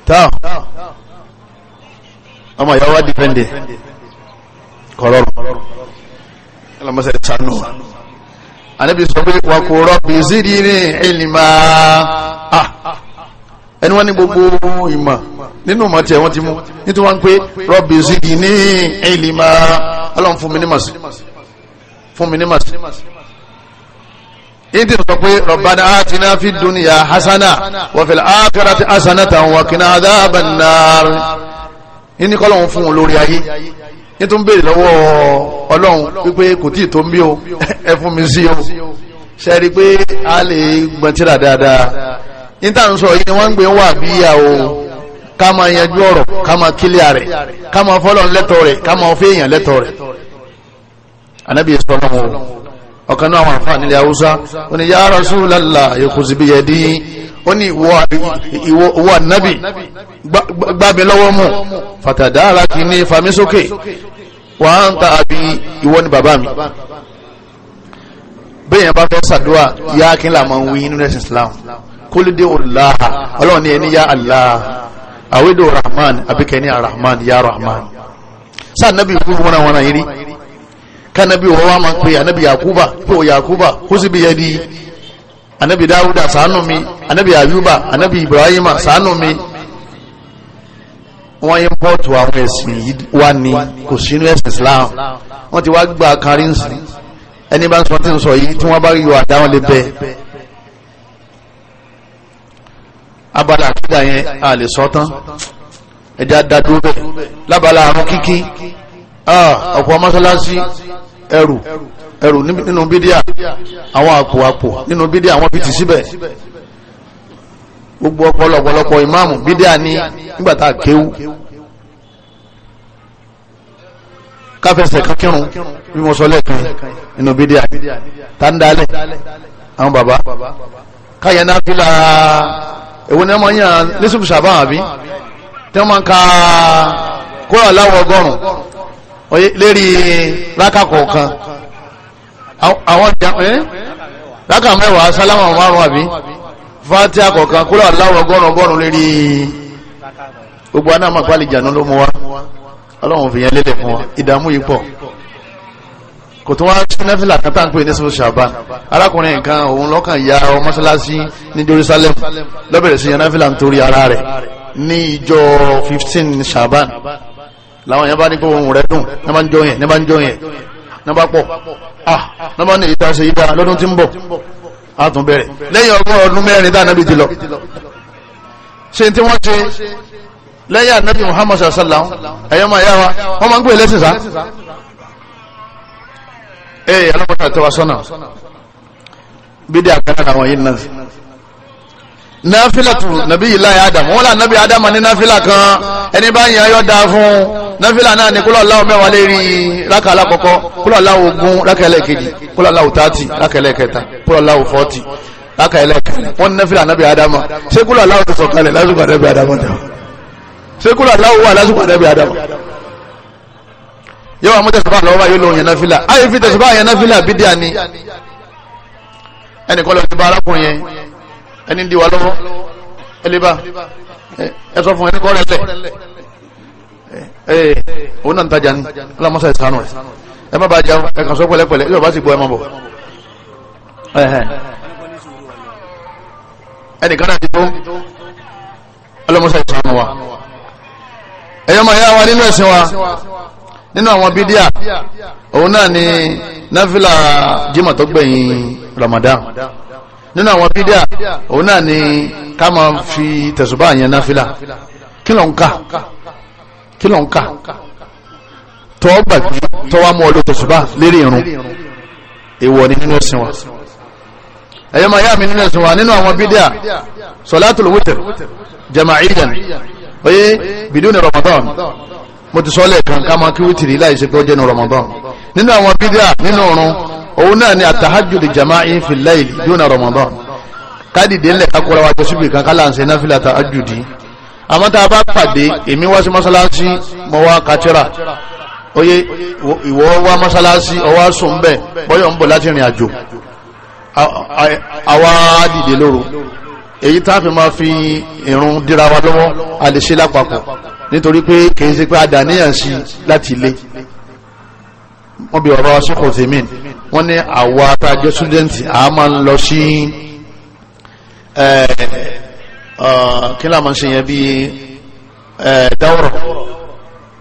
tá ọmọ ìyá wa dìpẹ́ndì kọ̀rọ̀rọ̀ ẹlọmọsẹ̀ sanu anabi sọ pé wà kó rọ́bì zidni ilma ah, ah, ah. ẹni wọ́n ní gbogbo ìmọ̀ nínú ọmọ tí ẹ̀wọ́n ti mú nítorí wọ́n pé rọ́bì zigi ní ìlìmá ọlọ́run fún mi ní màsí fún mi ní màsí ìdí sọ pé rọ̀bánà àtìná fi dúnìyà hasana wọ̀fẹ̀lẹ̀ ákàrà ti hasana tàwọn wàkínà adábànnáàrí ní kọ́lọ́run fún olórí ayé ní tó ń béèrè lọ́wọ́ ọlọ́run wípé kò tí ì tó ń bí o ẹ fún mi sí o ṣe rí i pé a lè gbọ́n tíra dáadáa ní táà ń sọ yìí wọ́n ń gbé wà bíyà o ká máa yanjú ọ̀rọ̀ ká máa kílíà rẹ̀ ká máa fọ́lọ́n lẹ́tọ̀ rẹ̀ ká máa fẹ́ èèyàn lẹ́tọ̀ rẹ̀ anábì sọ́nà wọn ọ̀kan náà àwọn àfáà nílẹ̀ haúsá ó ní ya Rasulullah yòókùsì bí yẹ dín ó ní ìwọ ànábì gbábi lọ́wọ́ mú fàtàdá aláki ní famisókè wà á ń ta àbí ìwọ ni bàbá mi bẹ́yẹn bá fẹ́ sàdúrà yá kí n là máa ń wí nínú ẹ̀sìn Islam kólídé òláha ọlọ́run ní ẹni yá Allah àwédò rahman abikẹni Rahman, ya rahman Sa nabi fún wọn àwọn àyírí kánabi wọn wá máa pe anabi yakuba kó yakuba Kuzi síbi yẹ anabi dawuda ṣàánú mi anabi ayuba anabi ibrahima ṣàánú mi wọ́n yí pọ́ọ̀tù àwọn ẹ̀sìn yìí wá ní kò sínú ẹ̀sìn islam wọ́n ti wá gba kárí ẹni bá ń sọ tí ń sọ yìí tí wọ́n bá yọ àdáwọn lè bẹ́ẹ̀ abala àkídà yẹn a lè sọ tán ẹja dadúró bẹ́ẹ̀ lábala àrùn kíkí ọ̀pọ̀ mọ́sálásí ẹrù ẹrù nínú bídíà àwọn àpò àpò nínú bídíà àwọn fi tì síbẹ̀ gbogbo ọ̀pọ̀lọpọ̀lọpọ̀ ìmáàmù bídíà ní nígbàtà kéwú káfẹsẹ̀ kankirun bí mo sọ lẹ́ẹ̀kan nínú bídíà tá ń dalẹ̀ àwọn bàbá káyẹ̀ náà fi la èwo ni wọ́n máa ń yàn nísùkú sàbá àbí tí wọ́n máa ń ka kóra láwọ̀ ọgọ́rùn lérí rákà kọ̀ọ̀kan àwọn ìjà rákà mẹ́wàá sálámà márùn àbí fàtí àkọ̀ọ̀kan kóra láwọ̀ ọgọ́rùn ọgọ́rùn lérí gbogbo anáàmà pálí ìjànú ló mú wa ọlọ́run fi yẹn lélẹ̀ fún wa ìdààmú yìí pọ̀ kò tún wá sí nẹ́fìlà kan táǹpé ní sọ́sọ́ ṣàbá arákùnrin nǹkan òun lọ́kàn ya ọ mọ́ṣáláṣí ní Jerusalem lọ́bẹ̀rẹ̀ sí nẹ́fìlà nítorí ara rẹ̀ ní ìjọ 15 ṣàbá làwọn yẹn bá ní pé ohun rẹ̀ dùn ní bá ń jọ yẹn ní bá ń jọ yẹn ní bá pọ̀ ah ní bá ní ìdá ṣe ìdá lọ́dún tí ń bọ̀ á tún bẹ̀rẹ̀ lẹ́yìn ọgbọ́n ọdún mẹ́rin tá ànábì ti lọ ṣe tí wọ́n ṣe lẹ́yìn ànábì Muhammad sallallahu ẹ̀yọ́ máa yá wa wọ́n máa ń gbé lẹ́sìn sá ee eh, alamọta tẹ wa sọnà bídí àkàrà làwọn yìí náà náfìlàtù nàbí yìí láyé ádámù wọn là nàbí ádámù ní náfìlà kan ẹni bá yàn yọ dáa fún náfìlà náà ni kúlọ̀ láwọ mẹ́wàá lè rí rákà alákọ̀ọ́kọ́ kúlọ̀ láwọ ogún rákà ẹlẹ́ẹ̀kejì kúlọ̀ láwọ tààtì rákà ẹlẹ́ẹ̀kẹta kúlọ̀ láwọ fọ́tì rákà ẹlẹ́ẹ̀kẹta wọn ní náfìlà nàbí ádámù ṣé kúlọ̀ láwọ tó sọ̀kalẹ̀ lásìkò àdàbí ádámù yóò wà mú tẹ̀síbá lọ́wọ́ báyìí lóun yẹn náfìlà ayé fi tẹ̀síbá yẹn náfìlà bídí àní ẹnì kọ́lọ́ ti bá arákùnrin yẹn ẹni ń di wa lọ́wọ́ ẹlẹ́bà ẹ sọ fún ẹni kọ́ rẹ̀ lẹ̀ ee òun náà ń tajà ní alámọ́sá ìsánú ẹ̀ ẹ má bàa jà ẹ kàn sọ pẹ̀lẹ́pẹ̀lẹ́ yóò bá sì gbọ́ ẹ má bọ̀ ẹnìkan náà ti tó alámọ́sá ìsánú wa ẹ̀yọ́ máa yá wa nínú ẹ̀sìn wa nínú àwọn bídíà òun náà ni náfìlà jimá tó gbẹ̀yìn Ramadan nínú àwọn bídíà òun náà ni ká máa fi tẹ̀sùbá yẹn náfìlà kí ló ń kà kí ló ń kà tọ́ gbàgbé tọ́wá mú ọdún tẹ̀sùbá lérí irun èèwọ̀ ni nínú ẹ̀sìn wa ẹ̀yọ́ máa yá mi nínú ẹ̀sìn wa nínú àwọn bídíà sọ̀látùl wítìr jama'iyyan oyé bìdúnì Ramadan mo ti sọ lẹ́ẹ̀kan ká máa kí wítìrì láì ṣe pé ó jẹ́ ní Ramadan nínú àwọn bídíà nínú ọ̀run òun náà ni àtàhájùdì jama'i fil layli dúnà Ramadan kádìdé ńlẹ̀ kakura wa jọ́sí bìkan kálá ń ṣe náfìlà tàhájùdì àmọ́ tá a bá pàdé èmi wá sí mọ́sálásí mo wá kátírà oye ìwọ wá mọ́sálásí ọwọ́ sùn bẹ́ẹ̀ bọ́yọ̀ ń bọ̀ láti rìn àjò àwa dìde lóru èyí tá a fi máa fi ìrun dira lọ́wọ́ àlè nítorí pé kìí ṣe pé àdàníyàn sí láti ilé wọ́n bí ọ̀rọ̀ sọ́kò tèmi wọ́n ní àwa àtàjọ ṣúdẹ́ǹtì a máa ń lọ sí kí láàmà ṣe yẹn bí dáwọ̀rọ̀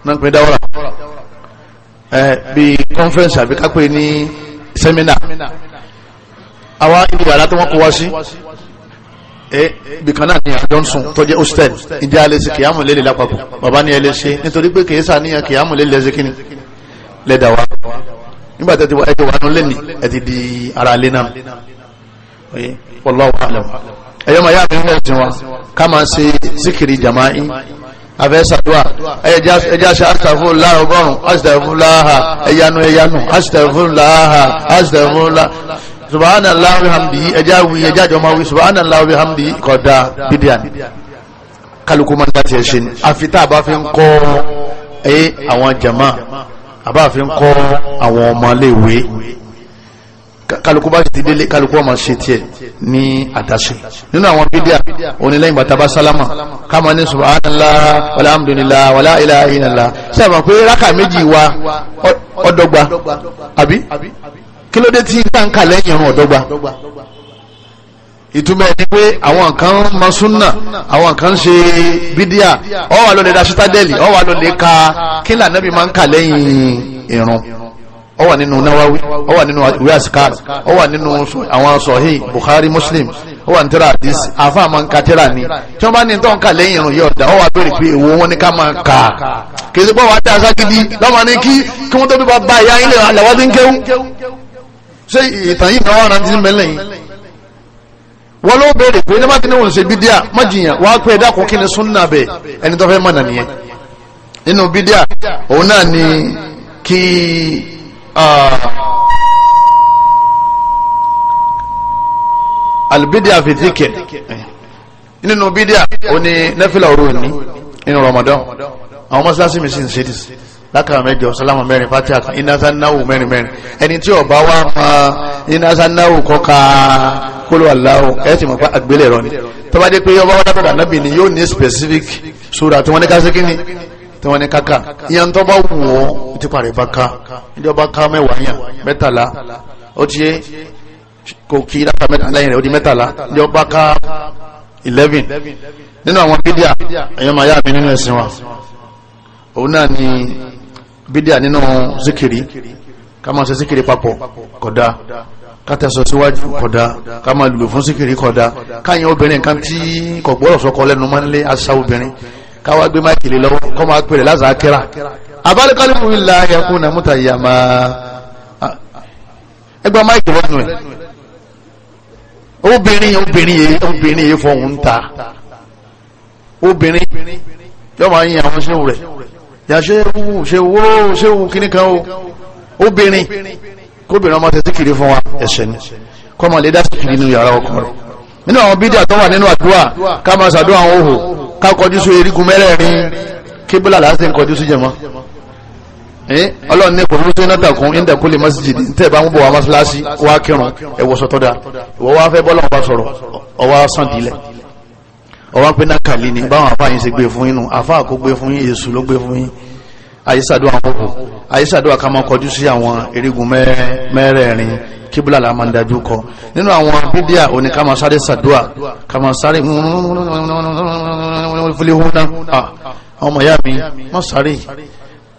náà pé dáwọ̀rọ̀ bí conference àbí kápẹ́ ní seminar àwa ibi yàrá tí kó wá sí Eh, ibìkan náà ni àjọ ń sùn tó jẹ́ hostel ìdí alẹ́ sí kìyàmù lélẹ̀ lápapọ̀ bàbá ní ẹlẹ́ṣẹ́ nítorí pé kìí sàníyàn kìyàmù lélẹ̀ sí kíni lẹ́dà wa nígbà tẹ́tí ẹ ti wà nù lẹ́nì ẹ ti di ara alẹ́ náà wallahu a'lam ẹ̀yọ́ màá yá mi ń rẹ̀ wa ká máa ṣe síkìrì jàmáì afẹ́ sàdúà ẹjá ṣe astagfirullah ọgọ́rùn-ún astagfirullah ẹyanu ẹyanu astagfirullah astagfirullah subhanallahi wa hamdihi ẹja wi ẹja jọ ma wi subhanallahi wa hamdihi kódà bídíà ni kálukú máa ń láti ẹ̀ṣẹ̀ ni àfi tá a bá fi ń kọ́ ẹ àwọn jama a bá fi ń kọ́ àwọn ọmọléèwé kálukú bá ti délé kálukú ọmọ ṣe tiẹ̀ ní àdáṣe nínú àwọn bídíà onílẹ́yìn bàtà bá sálámà káma ní subhanallah walhamdulillah wala ilaha illallah sábà pé rákà méjì wa ọdọgba àbí kí ló dé tí táǹkà lẹ́yìn irun ọ̀dọ́gba ìtumọ̀ ni pé àwọn kan mọ súnà àwọn kan ṣe bídíà ọ wà lóde dasítádẹ́lì ọ wà lóde ka kí lànàbí máa ń kà lẹ́yìn irun ọ wà nínú náwáwí ọ wà nínú ìwé àsìkár ọ wà nínú àwọn sọ̀hí Bukhari Muslim ó wà ní tẹ́lá àdísì àfáà máa ń ka tẹ́lá ni tí wọ́n bá ní tọ́ǹkà lẹ́yìn irun yóò dá ó wà bẹ̀rẹ̀ pé èwo wọn ni ká máa kà á kì í dá aṣá gidi lọ́mọ ṣé ìtàn yìí náà wà rántí ń bẹ́lẹ̀ yìí wọ́n ló béèrè pé ní mákìnnì wọn ṣe bídíà májìyàn wá pé ẹ̀dá kò kí ni súnà bẹ̀ ẹni tó fẹ́ mọ̀nà nìyẹn nínú bídíà òun náà ni kí albidia fi dhikr nínú bídíà òun ni nẹ́fìlà òru òní nínú Ramadan àwọn mọ́sálásí mi sì ń ṣe dìsí lákàrà mẹ́jọ sálámà mẹ́rin fatiha kan ináṣà náwó mẹ́rin mẹ́rin ẹni tí ọba wa ma ináṣà náwó kọ́ka kólú aláwọ̀ ẹ sì mọ̀ pé àgbélẹ̀ rọ ni tó bá pé ọba wọn dábàdà nábì ni yóò ní specific sura tí wọ́n ní ká sí kíni tí wọ́n ní káka ìyẹn tó bá wù wọ́n ti parí bá ká ilé ọba ká mẹ́wàá yàn mẹ́tàlá ó ti yé kò kí láta mẹ́tàlá yẹn rẹ̀ ó di mẹ́tàlá ilé ọba ká eleven nínú àwọn bídíà ẹ̀yọ́ máa yá mi nínú ẹ̀sìn wa òun náà ni bídíà nínú zikiri ká máa ṣe zikiri papọ̀ kódà kátẹ́sọ síwájú kódà ká lùlù fún zikiri kódà káyìn obìnrin kan tí kò gbọ́dọ̀ sọkọ lẹ́nu máa ń lé aṣá obìnrin káwá gbé máìkì lé lọ́wọ́ kọ́ máa pèrè lázàá kẹ́ra abálikálífù ilà yakun na múta yàmà ẹgbà máìkì lẹ́nu ẹ̀ obìnrin obìnrin yìí obìnrin yìí fọ̀hún ta obìnrin yọ máa yin àwọn ṣéwù rẹ̀ yà ṣe wú ṣe wó ṣe wú kíní kan o obìnrin kóbìnrin ọmọ tẹ̀sí kiri fún wa ẹ̀ṣẹ̀ ni kọ́mọ lè dá sí kiri nínú yàrá ọkọ rẹ̀ nínú àwọn bídíà tó wà nínú àdúrà ká máa ṣàdúrà àwọn òhò ká kọjú sí erigun mẹ́rẹ̀ẹ̀rin kébùlà láti ń kọjú sí jẹ̀mọ́ ọlọ́run ní kò fún sínú dàkún ní kó lè masjid tẹ́ bá ń bọ̀ wá mọ́sálásí wá kírun ẹ̀wọ̀sọ̀tọ́dà ìwọ wá fẹ́ bọ́lọ́run bá sọ̀rọ̀ ọwọ́ sàn dílẹ̀ ọwá pé nákàlí ni báwọn àfáà yìí ṣe gbé fún inú àfáà kó gbé fún yín èṣù ló gbé fún yín àyíṣàdúrà kókò àyíṣàdúrà ká máa kọjú sí àwọn erigun mẹ́rẹ̀ẹ̀rin kíbùlà la máa ń dájú kọ nínú àwọn bídíà òní ká máa sáré sàdúà ká máa sáré fúlihúnà ah, ọmọ ìyá mi má sáré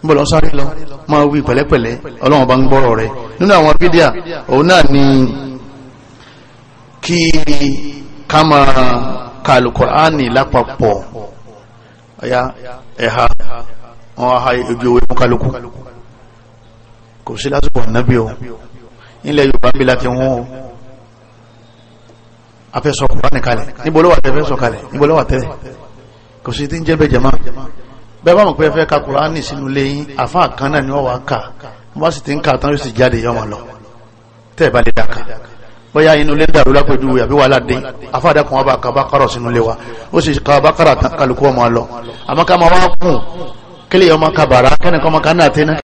níbo lọ sáré lọ máa wí pẹ̀lẹ́pẹ̀lẹ́ ọlọ́run bá ń gbọ́rọ̀ rẹ̀ nínú àwọn bídíà òun náà ni kí ká máa ka alukur'ani lápapọ̀ ọ̀yá ẹ̀ha wọn ha ojú owó kálukú kò sí lásìkò ànábì o ilẹ̀ yorùbá ń bí láti wọ́n o afẹ́sọ kùránì kalẹ̀ níbo ló wà tẹ́ fẹ́sọ kalẹ̀ níbo ló wà tẹ́ kò sí tí ń jẹ́ bẹ́ẹ̀ jẹ́má bẹ́ẹ̀ bá mọ̀ pé fẹ́ ka kùránì sínú lẹ́yìn àfa kan náà ni wọ́n wà á kà wọ́n bá sì ti ń kà tán yóò sì jáde yọmọ lọ tẹ́ ẹ̀ bá lè dà bóyá inú ilé dàrú lápẹjù àbí wàhálà dé afáàdà kan bá kaba kárọ̀ sínú ilé wa ó sì kaba kárọ̀ kálukú ọmọ lọ àmọ́ ká máa wá kùn kílè ọmọ kabara kẹ́nìkan ọmọ kaná àtẹ́ná